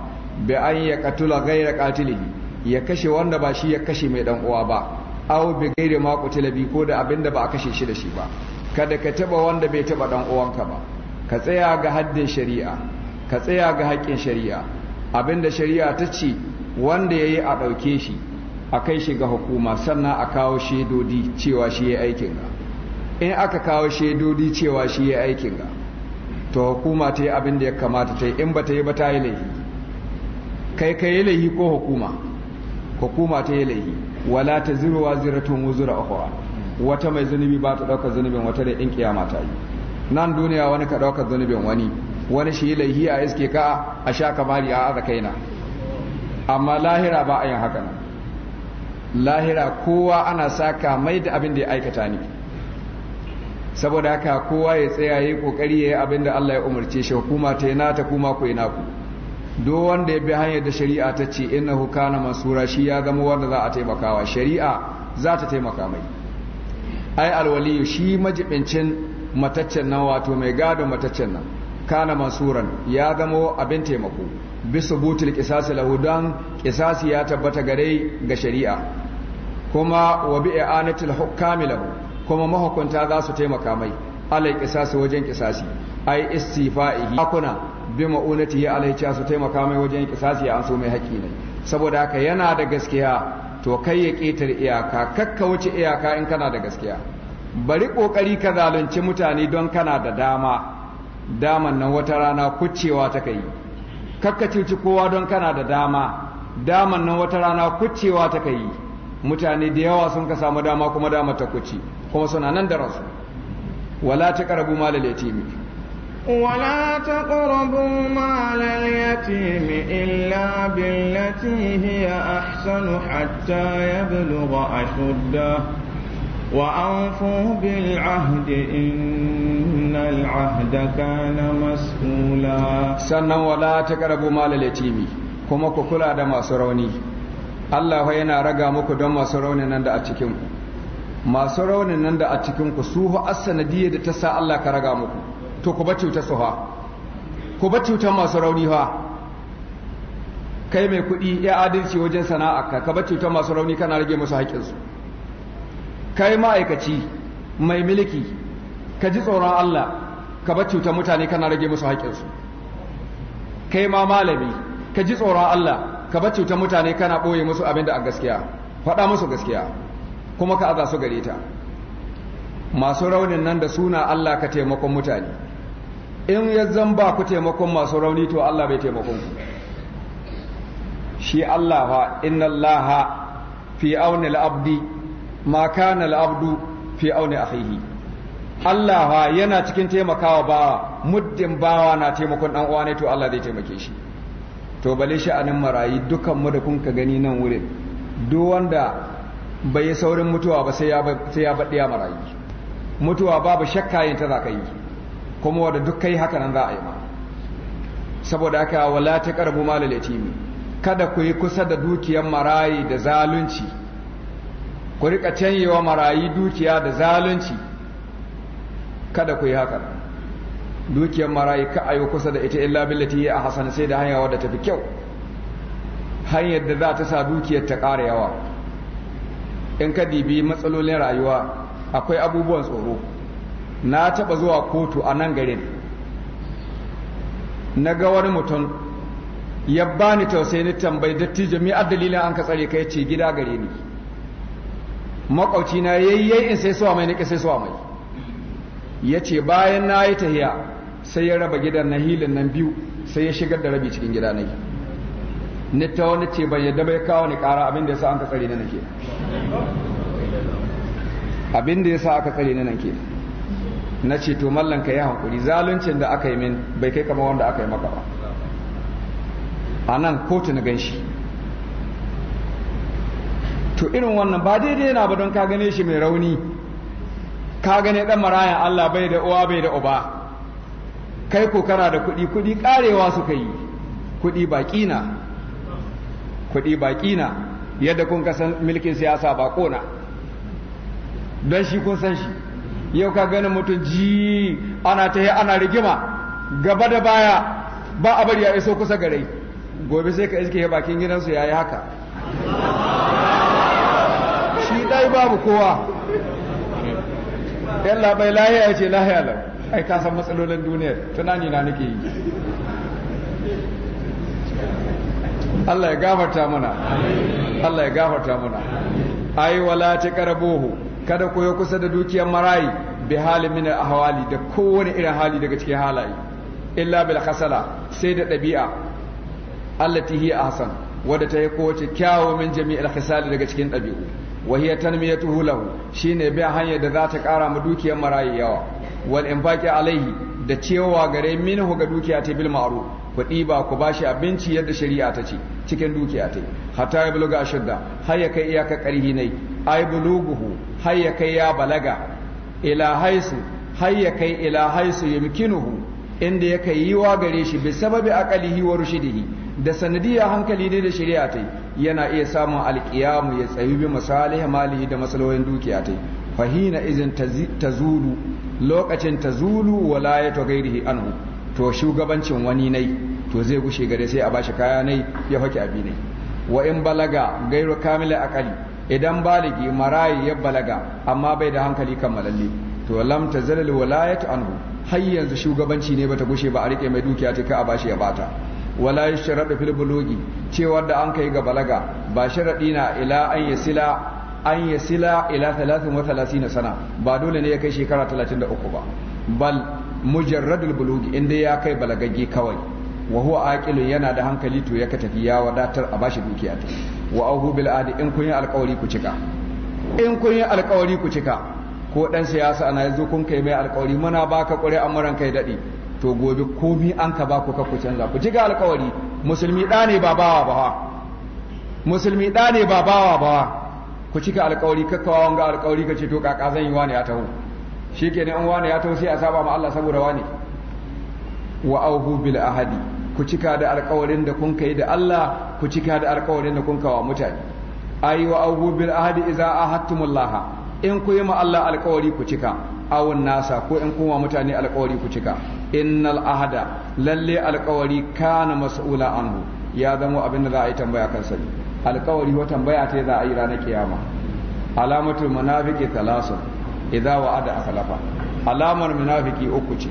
bi an ya qatula gaira qatilihi ya kashe wanda ba shi ya kashe mai dan uwa ba aw bi gaira ma qutila bi ko da abinda ba a kashe shi da shi ba kada ka taba wanda bai taba dan uwanka ba ka tsaya ga haddin shari'a ka tsaya ga haƙƙin shari'a abinda shari'a ta ce wanda ya yi a ɗauke shi a kai shi ga hukuma sannan a kawo shaidodi cewa shi ya aikin ga in aka kawo shaidodi cewa shi ya aikin ga to hukuma ta yi abin da ya kamata ta yi in ba ta yi ba ta yi laihi kai ka yi laihi ko hukuma hukuma ta yi laihi wala ta zirowa ziratun wuzura ukhra wata mai zunubi ba ta ɗauka zunubin wata da in kiyama ta yi nan duniya wani ka ɗauka zunubin wani wani shi laihi a iske ka a sha kamari a aza kaina amma lahira ba a yin haka nan lahira kowa ana saka mai da abin da ya aikata ni. saboda haka kowa ya tsaya yi kokari ya yi abin da Allah ya umarce shi hukuma ta yana ta kuma ku yana ku do wanda ya bi hanyar da shari'a ta ce huka kana mansura shi ya zama wanda za a taimakawa shari'a za ta taimaka mai ai alwaliyu shi majibincin mataccen nan wato mai gado mataccen nan kana mansuran ya zamo abin taimako bisu butul kisasi lahu don kisasi ya tabbata gare ga shari'a kuma wa bi anatil hukami lahu kuma mahukunta za su taimaka mai alai kisasi wajen kisasi ai istifa'ihi Akuna bi ya alai cha su taimaka mai wajen kisasi an so mai haƙi ne saboda haka yana da gaskiya to kai ya ƙetare iyaka kakka wuce iyaka in kana da gaskiya bari ƙoƙari ka zalunci mutane don kana da dama daman nan wata rana kucewa ta kai kakka cuci kowa don kana da dama daman nan wata rana kucewa ta kai mutane da yawa sun ka samu dama kuma dama ta kuci kuma suna nan da rasu wala ta karabu malal yatimi wala ta karabu malal yatimi illa billati hiya ahsanu hatta yablugha ashuddah وأوفوا بالعهد إن العهد كان مسؤولا سنن ولا تقربوا مال اليتيم كما كوكولا دا masu rauni Allah yana raga muku don masu raunin nan da a cikin ku masu raunin nan da a cikin ku su hu asanadiyya da ta sa Allah ka raga muku to ku ba cuta su ha ku ba cuta masu rauni ha kai mai kuɗi ya adalci wajen sana'a ka ba cuta masu rauni kana rage musu haƙƙinsu kai ma'aikaci mai miliki ka ji tsoron Allah ka bar cutar mutane kana rage musu haƙƙinsu kai ma malami ka ji tsoron Allah ka bar cutar mutane kana ɓoye musu abin da a gaskiya faɗa musu gaskiya kuma ka aza su gare ta masu raunin nan da suna Allah ka taimakon mutane in ya zan ba ku taimakon masu rauni to Allah bai taimakon ku shi Allah fa inna Allah fi aunil abdi ma kana al-abdu fi auni akhihi Allah yana cikin taimakawa bawa muddin bawa na taimakon dan uwa ne to Allah zai taimake shi to bale sha'anin marayi dukan mu da kun ka gani nan wurin duk wanda bai yi saurin mutuwa ba sai ya sai ya baɗiya marayi mutuwa babu shakka yin ta za ka yi kuma wanda duk kai haka nan za a yi ma saboda haka wala ta karbu malal yatimi kada ku yi kusa da dukiyar marayi da zalunci ku rika canyewa marayi dukiya da zalunci kada ku yi haka dukiyar marayi ka ayo kusa da ita illa billati a hasan sai da hanya wadda tafi kyau hanyar da za ta sa dukiyar ta ƙara yawa in ka dibi matsalolin rayuwa akwai abubuwan tsoro na taɓa zuwa kotu a nan garin na ga wani mutum ya bani tausayi ni tambayi dattijo mi dalilin an ka tsare kai ce gida gare ni makwauci na yayyai in sai suwa mai nake sai suwa mai ya ce bayan na yi tahiya sai ya raba gidan na hilin nan biyu sai ya shigar da rabi cikin gida na ni ta wani ce bai yadda bai kawo ni kara abin da ya sa an ka tsare na nake abin da ya sa aka tsare na nake na ce to mallan ka yi hankuri zaluncin da aka yi min bai kai kama wanda aka yi maka ba a nan kotu na ganshi to irin wannan ba daidai yana ba don ka gane shi mai rauni ka gane dan maraya Allah bai da uwa bai da uba kai ko kana da kuɗi kuɗi karewa suka yi kuɗi baƙi na kuɗi baƙi na yadda kun kasan milkin siyasa ba kona don shi kun san shi yau ka gani mutum ji ana ta ana rigima gaba da baya ba a bari ya iso kusa gare gobe sai ka iske bakin gidansu ya yi haka shi dai babu kowa yalla bai lahiya ya ce lahiya lau ai ka san matsalolin duniya tunani na nake yi Allah ya gafarta muna Allah ya gafarta muna ai wala ta karabohu kada ku yi kusa da dukiyar marayi bi hali min ahwali da kowane irin hali daga cikin halaye illa bil khasala sai da dabi'a allati hi ahsan wadda ta yi kowace kyawu min jami'il khisali daga cikin dabi'u wahiya tanmiyatuhu lahu shine bi hanya da za ta kara mu dukiyar marayi yawa wal infaqi alaihi da cewa gare minhu ga dukiya ta bil ma'ruf ku ba ku bashi abinci yadda shari'a ta ce cikin dukiya ta hatta ya buluga ashudda har ya kai iyaka karhi nai ai buluguhu har ya kai ya balaga ila haisu har ya kai ila haisu yumkinuhu inda yake yi wa gare shi bi sababi aqalihi wa rushdihi da sanadiyya hankali ne da shari'a ta yana iya samun alƙiyamu ya tsayi bi masalih malihi da masaloyin dukiya ta fahina izin tazulu lokacin tazulu wala ya to gairihi anhu to shugabancin wani nai to zai gushe gare sai a bashi kaya nai ya fake abi nai wa in balaga gairu kamila akali idan baligi marayi ya balaga amma bai da hankali kammalalle to lam tazalal walayatu anhu har yanzu shugabanci ne bata gushe ba a rike mai dukiya ta ka a bashi ya bata wala yushradu sharaɗa bulugi cewa da an kai ga balaga ba sharaɗi na ila an sila an sila ila na sana ba dole ne ya kai shekara talatin da uku ba bal mujarradul bulugi inda ya kai balagagge kawai wa huwa aqilun yana da hankali to ya ka tafi ya wadatar a bashi dukiya ta wa ahu bil adi in kun yi alƙawari ku cika in kun yi alƙawari ku cika ko dan siyasa ana yanzu kun kai mai alƙawari muna baka ƙuri amuran kai dadi to gobe komi an ka ba ku ka ku canza ku ji ga alkawari musulmi ɗa ne ba bawa ba musulmi ɗa ne ba bawa ba ku cika alkawari kakkawa wanga alkawari ka ce to kaka zan yi wani ya taho shi ke an wani ya taho sai a saba ma Allah saboda wani wa auhu bil ahadi ku cika da alkawarin da kun kai da Allah ku cika da alkawarin da kun kawa mutane ayi wa auhu bil ahadi idza ahadtumullah in ku yi ma Allah alkawari ku cika awon nasa ko in kuma mutane alkawari ku cika innal ahada lalle alkawari kana mas'ula anhu ya zama abin da za a yi tambaya kan sani alkawari wa tambaya ta za a yi ranar kiyama alamatul munafiki talasun idza wa'ada akhlafa alamar munafiki uku ce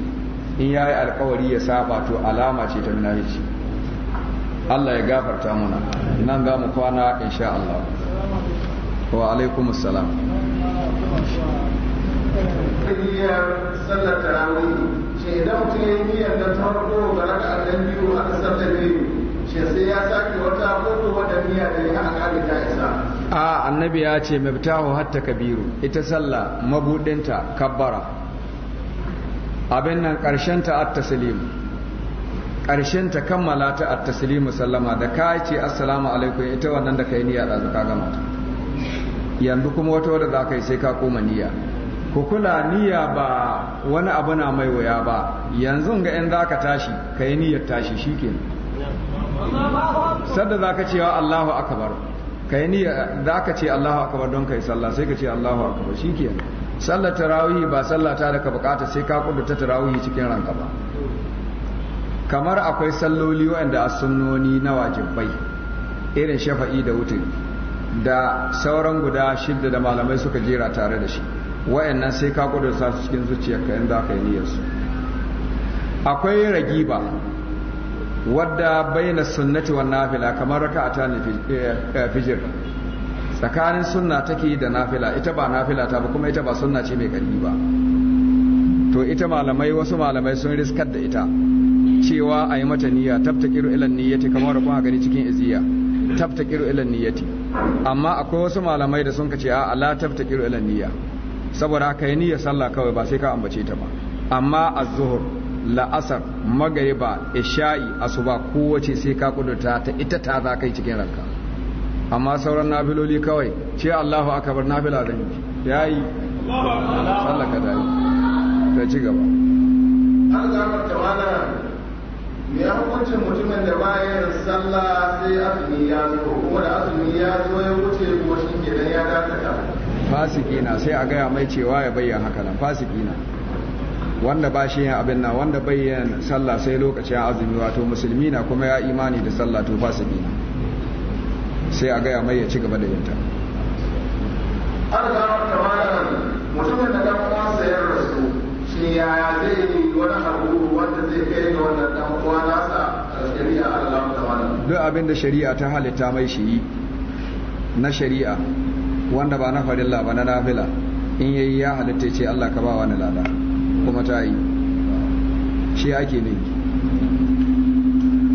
in yayi alkawari ya saba to alama ce ta munafiki Allah ya gafarta muna nan za mu kwana insha Allah wa alaikumus salam niyyar sallar tarawih ce idan mutum ya yi niyyar da ta farko ga raka a biyu aka sallar biyu ce sai ya sake wata ko niyya da ya aka ta isa a annabi ya ce mabtahu hatta kabiru ita sallah mabudinta kabbara abin nan karshen ta at-taslim ƙarshen ta kammala ta at-taslimu sallama da ka ce assalamu alaikum ita wannan da kai niyya da ka gama ta yanzu kuma wata wadda za ka yi sai ka koma niyya ku kula niyya ba wani abu na mai wuya ba yanzu ga in za ka tashi ka yi niyyar tashi shi ke sadda za ka cewa allahu akabar ka yi niyyar za ka ce allahu akabar don ka yi sallah sai ka ce allahu akabar shi ke sallar tarawihi ba sallah ta da ka bukata sai ka kudu ta tarawihi cikin ranka ba kamar akwai salloli waɗanda a sunnoni na wajibai irin shafa'i da wutun da sauran guda shidda da malamai suka jera tare da shi nan sai ka kudurta su cikin zuciyarka in za ka yi niyarsu akwai ragiba wadda bayyana sunnati wa nafila kamar raka tani eh, eh, fijir tsakanin sunna take da nafila ita ba nafila ta ba kuma ita ba sunna ce mai ƙarfi ba to ita malamai wasu malamai sun riskar da ita cewa a yi mata niyya tabtakiru ilan niyyati kamar kuma gani cikin iziya tabtakiru ilan niyyati amma akwai wasu malamai da sun kace a la tabtakiru ilan niyya saboda haka yi niyyar sallah kawai ba sai ka ambace ta ba amma az-zuhr la'asar magariba isha'i asuba kowace sai ka kudurta ta ita ta za kai cikin ranka amma sauran nabiloli kawai ce Allahu akbar nafila zan yi yayi sallah ka dai ta ci gaba an zama tawala me ya hukuncin mutumin da bayan sallah sai azumi ya zo kuma da azumi ya zo ya wuce ko shi kenan ya dakata fasiki na sai a gaya mai cewa ya bayyana haka nan fasiki na wanda ba shi yin abin na wanda bayyana sallah sai lokacin azumi wato musulmi na kuma ya imani da sallah to fasiki na sai a gaya mai ya ci gaba da yinta mutumin da rasu yaya zai yi wanda zai ta duk abin da shari'a ta halitta mai shi na shari'a wanda ba na farilla ba na nafila in yayi ya halitta ce Allah ka ba wani lada kuma ta yi shi ake ne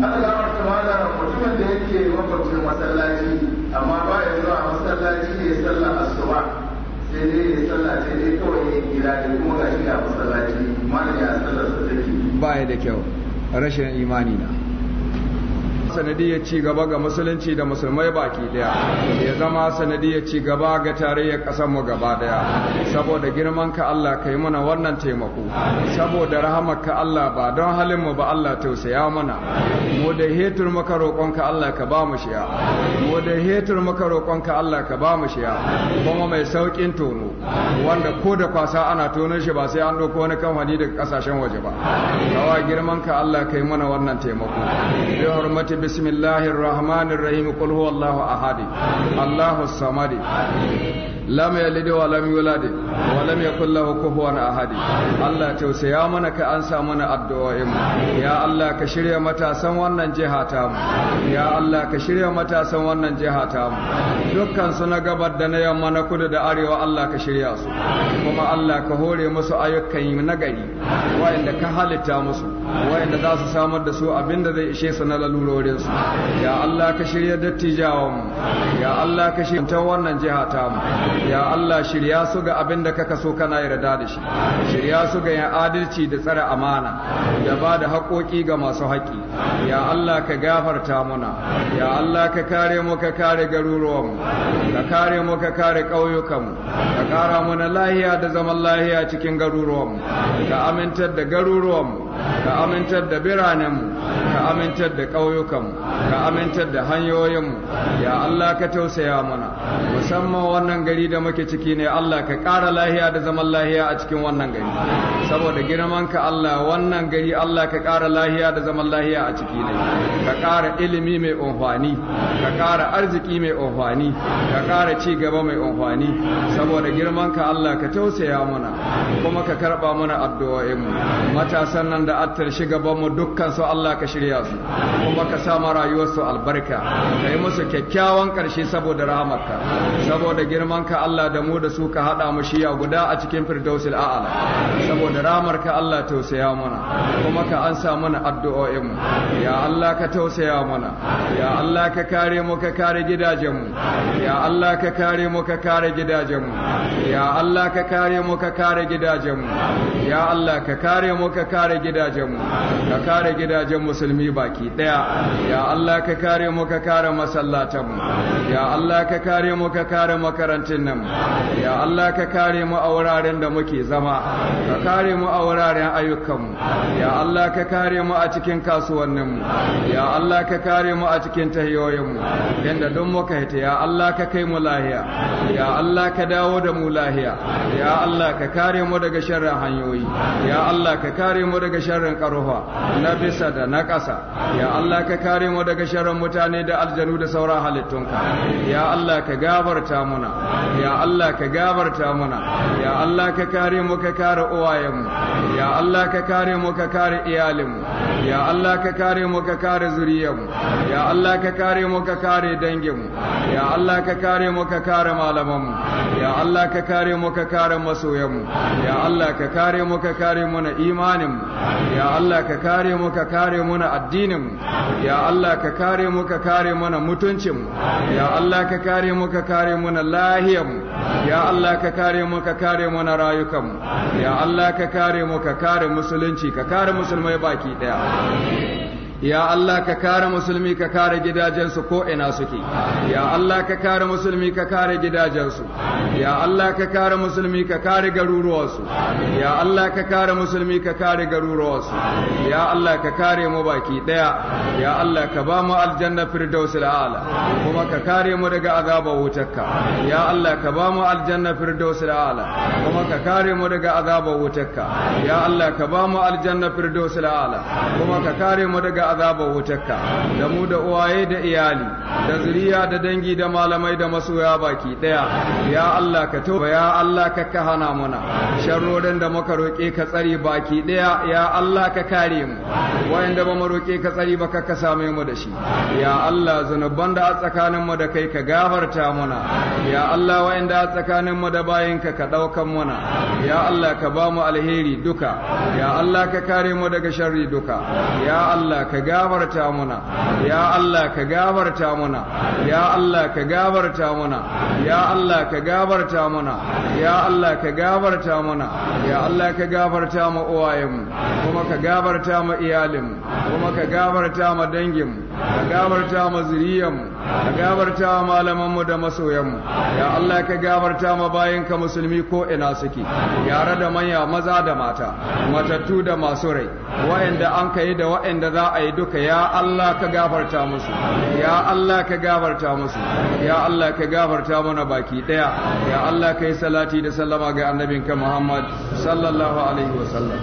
Allah ya kamala mutumin da yake makwabcin masallaci amma ba ya zuwa masallaci ya salla asuba sai dai ya salla sai dai kawai ya gida da kuma ga shi a masallaci malam ya sallar sa take ba ya da kyau rashin imani na sanadiyar ci gaba ga musulunci da musulmai baki daya ya zama sanadiyar ci gaba ga tarayyar ƙasarmu gaba daya saboda girman ka Allah kai mana wannan taimako saboda rahamar ka Allah ba don halin mu ba Allah tausaya mana mu da hetur maka roƙon ka Allah ka ba mu shiya mu da hetur maka roƙon ka Allah ka ba mu shiya kuma mai saukin tono wanda ko da kwasa ana tonon shi ba sai an ɗauko wani kamfani daga ƙasashen waje ba kawai girman ka Allah kai mana wannan taimako بسم الله الرحمن الرحيم قل هو الله أحد الله الصمد lam yalid wa lam yulad wa lam yakul lahu kufuwan ahad Allah tausaya mana ka ansa mana addu'o'in mu ya Allah ka shirya matasan wannan jiha ta mu ya Allah ka shirya matasan wannan jiha ta mu dukkan su na gabar da na yamma na kudu da arewa Allah ka shirya su kuma Allah ka hore musu ayyukan yi na gari wa'anda ka halitta musu wa'anda za su samar da su abinda zai ishe su na lalurorin su ya Allah ka shirya dattijawan mu ya Allah ka shirya wannan jiha ta mu ya Allah shirya su ga abin da kaka so kana yarda da shi shirya su ga yin adalci da tsare amana da ba da haƙoƙi ga masu haƙi ya Allah ka gafarta muna ya Allah ka kare mu ka kare garuruwanmu ka kare mu ka kare ƙauyukanmu ka kara muna lahiya da zaman lahiya cikin garuruwanmu ka amintar da garuruwanmu ka amintar da biranenmu ka amintar da ƙauyukanmu ka amintar da hanyoyinmu ya Allah ka tausaya mana musamman wannan gari gari da muke ciki ne Allah ka ƙara lahiya da zaman lahiya a cikin wannan gari saboda girman ka Allah wannan gari Allah ka ƙara lahiya da zaman lahiya a ciki ne ka ƙara ilimi mai amfani ka ƙara arziki mai amfani ka ƙara ci gaba mai amfani saboda girman ka Allah ka tausaya mana kuma ka karɓa mana addu'o'in mu matasan nan da attar gaban mu dukkan su Allah ka shirya su kuma ka sa rayuwar su albarka ka yi musu kyakkyawan ƙarshe saboda rahamarka saboda girman rahamarka Allah da mu da su ka haɗa mu shiya guda a cikin firdausil a'ala saboda rahamarka Allah tausaya mana kuma ka ansa mana addu'o'in mu ya Allah ka tausaya mana ya Allah ka kare mu ka kare gidajen mu ya Allah ka kare mu ka kare gidajen mu ya Allah ka kare mu ka kare gidajen mu ya Allah ka kare mu ka kare gidajen mu ka kare gidajen musulmi baki daya ya Allah ka kare mu ka kare masallatan mu ya Allah ka kare mu ka kare makarantun nan ya Allah ka kare mu a wuraren da muke zama ka kare mu a wuraren ayyukanmu ya Allah ka kare mu a cikin kasuwanninmu ya Allah ka kare mu a cikin tahiyoyinmu inda duk muka hita ya Allah ka kai mu lahiya ya Allah ka dawo da mu lahiya ya Allah ka kare mu daga sharrin hanyoyi ya Allah ka kare mu daga sharrin karuwa na bisa da na ƙasa ya Allah ka kare mu daga sharrin mutane da aljanu da sauran halittunka ya Allah ka gafarta muna ya Allah ka gabarta mana ya Allah ka kare mu ka kare uwayenmu ya Allah ka kare mu ka kare iyalinmu ya Allah ka kare mu ka kare zuriyarmu ya Allah ka kare mu ka kare danginmu ya Allah ka kare mu ka kare malamanmu ya Allah ka kare mu ka kare masoyanmu ya Allah ka kare mu ka kare mana imaninmu ya Allah ka kare mu ka kare mana addininmu ya Allah ka kare mu ka kare mana mutuncinmu ya Allah ka kare mu ka kare mana lahiya mu ya Allah ka kare mu ka kare mu na rayukanmu ya Allah ka kare mu ka kare musulunci ka kare musulmai baki daya ya Allah ka kare musulmi ka kare gidajensu ko ina suke ya Allah ka kare musulmi ka kare gidajensu ya Allah ka kare musulmi ka kare garuruwarsu ya Allah ka kare musulmi ka kare garuruwarsu ya Allah ka kare mu baki ɗaya ya Allah ka ba mu aljanna firdausul la'ala kuma ka kare mu daga azabar wutarka ya Allah ka ba mu aljanna firdausul la'ala kuma ka kare mu daga azabar wutarka ya Allah ka ba mu aljanna firdausul la'ala kuma ka kare mu daga azabar wutarka da mu da uwaye da iyali da zuriya da dangi da malamai da masoya baki daya ya Allah ka toba ya Allah ka kahana muna sharrorin da muka roƙe ka tsari baki daya ya Allah ka kare mu wayanda ba mu roƙe ka tsari ba ka same mu da shi ya Allah zanuban da a tsakanin mu da kai ka gafarta muna ya Allah wayanda a tsakanin mu da ka ka daukan muna ya Allah ka ba mu alheri duka ya Allah ka kare mu daga sharri duka ya Allah ka gafarta muna ya Allah ka gafarta muna ya Allah ka gafarta muna ya Allah ka gafarta muna ya Allah ka gafarta muna ya Allah ka gafarta mu uwayenmu kuma ka gafarta mu iyalinmu kuma ka gafarta mu danginmu ka gafarta mu zuriyanmu ka gafarta mu malamanmu da masoyanmu ya Allah ka gafarta mu bayanka musulmi ko ina suke yare da manya maza da mata matattu da masu rai wa'anda an kai da wa'anda za a yi duka ya Allah ka gafarta musu ya Allah ka gafarta musu ya Allah ka gafarta mana baki daya ya Allah ka yi salati da sallama ga annabinka Muhammad sallallahu alaihi wa sallam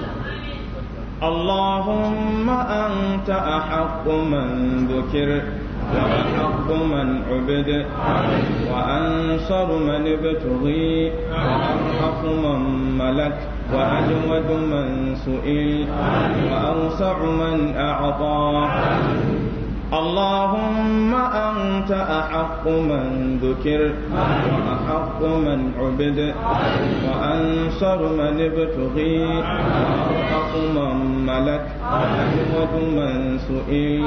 اللهم أنت أحق من ذكر وأحق من عبد وأنصر من ابتغي وأرحق من ملك وأجود من سئل وأوسع من أعطى اللهم أنت أحق من ذكر وأحق من عبد وأنصر من ابتغي وأرحق من ملك وأجود من سئل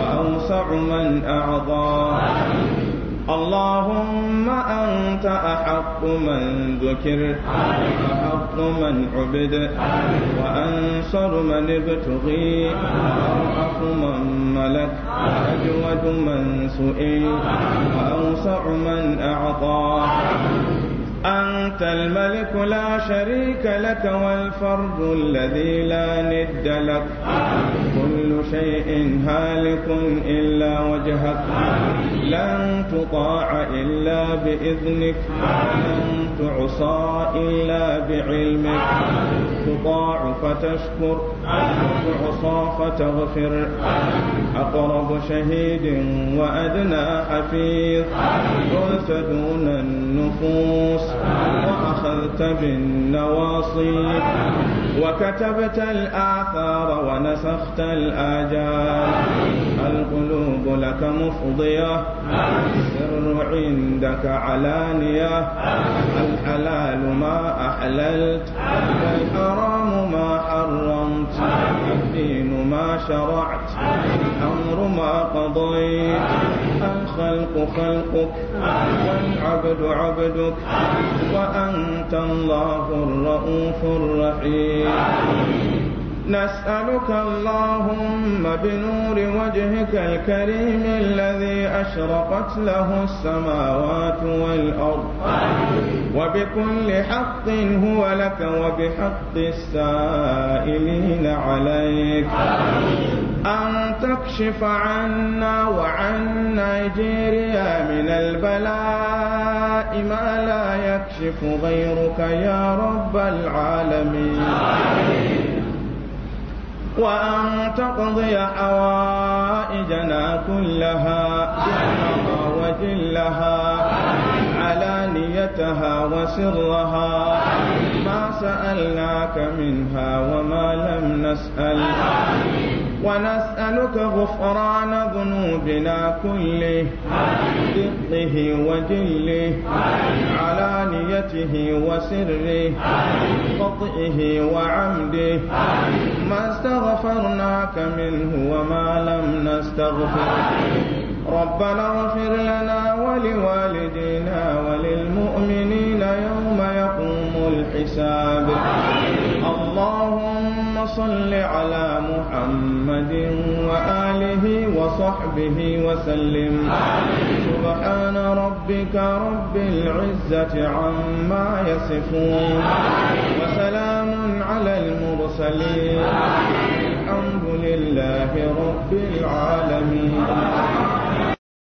وأوسع من أعطى اللهم أنت أحق من ذكر وأحق من عبد وأنصر من ابتغي وأرحف من ملك وأجود من سئل وأوسع من أعطى أنت الملك لا شريك لك والفرد الذي لا ند لك كل شيء هالك إلا وجهك لن تطاع إلا بإذنك لن تعصى إلا بعلمك تطاع فتشكر تعصى فتغفر أقرب شهيد وأدنى حفيظ قلت دون النفوس وأخذت بالنواصي وكتبت الآثار ونسخت الآجال القلوب لك مفضية السر عندك علانية الحلال ما أحللت والحرام ما حرمت الدين ما شرعت الأمر ما قضيت الخلق خلقك والعبد عبدك وأنت الله الرؤوف الرحيم نسألك اللهم بنور وجهك الكريم الذي أشرقت له السماوات والأرض وبكل حق هو لك وبحق السائلين عليك أن تكشف عنا وعن نيجيريا من البلاء ما لا يكشف غيرك يا رب العالمين آمين وأن تقضي حوائجنا كلها جلها وجلها علانيتها وسرها ما سألناك منها وما لم نسأل ونسألك غفران ذنوبنا كله دقه وجله علانيته وسره خطئه وعمده ما استغفرناك منه وما لم نستغفر ربنا اغفر لنا ولوالدينا وللمؤمنين يوم يقوم الحساب اللهم صل على محمد محمد وآله وصحبه وسلم سبحان ربك رب العزة عما يصفون وسلام على المرسلين الحمد لله رب العالمين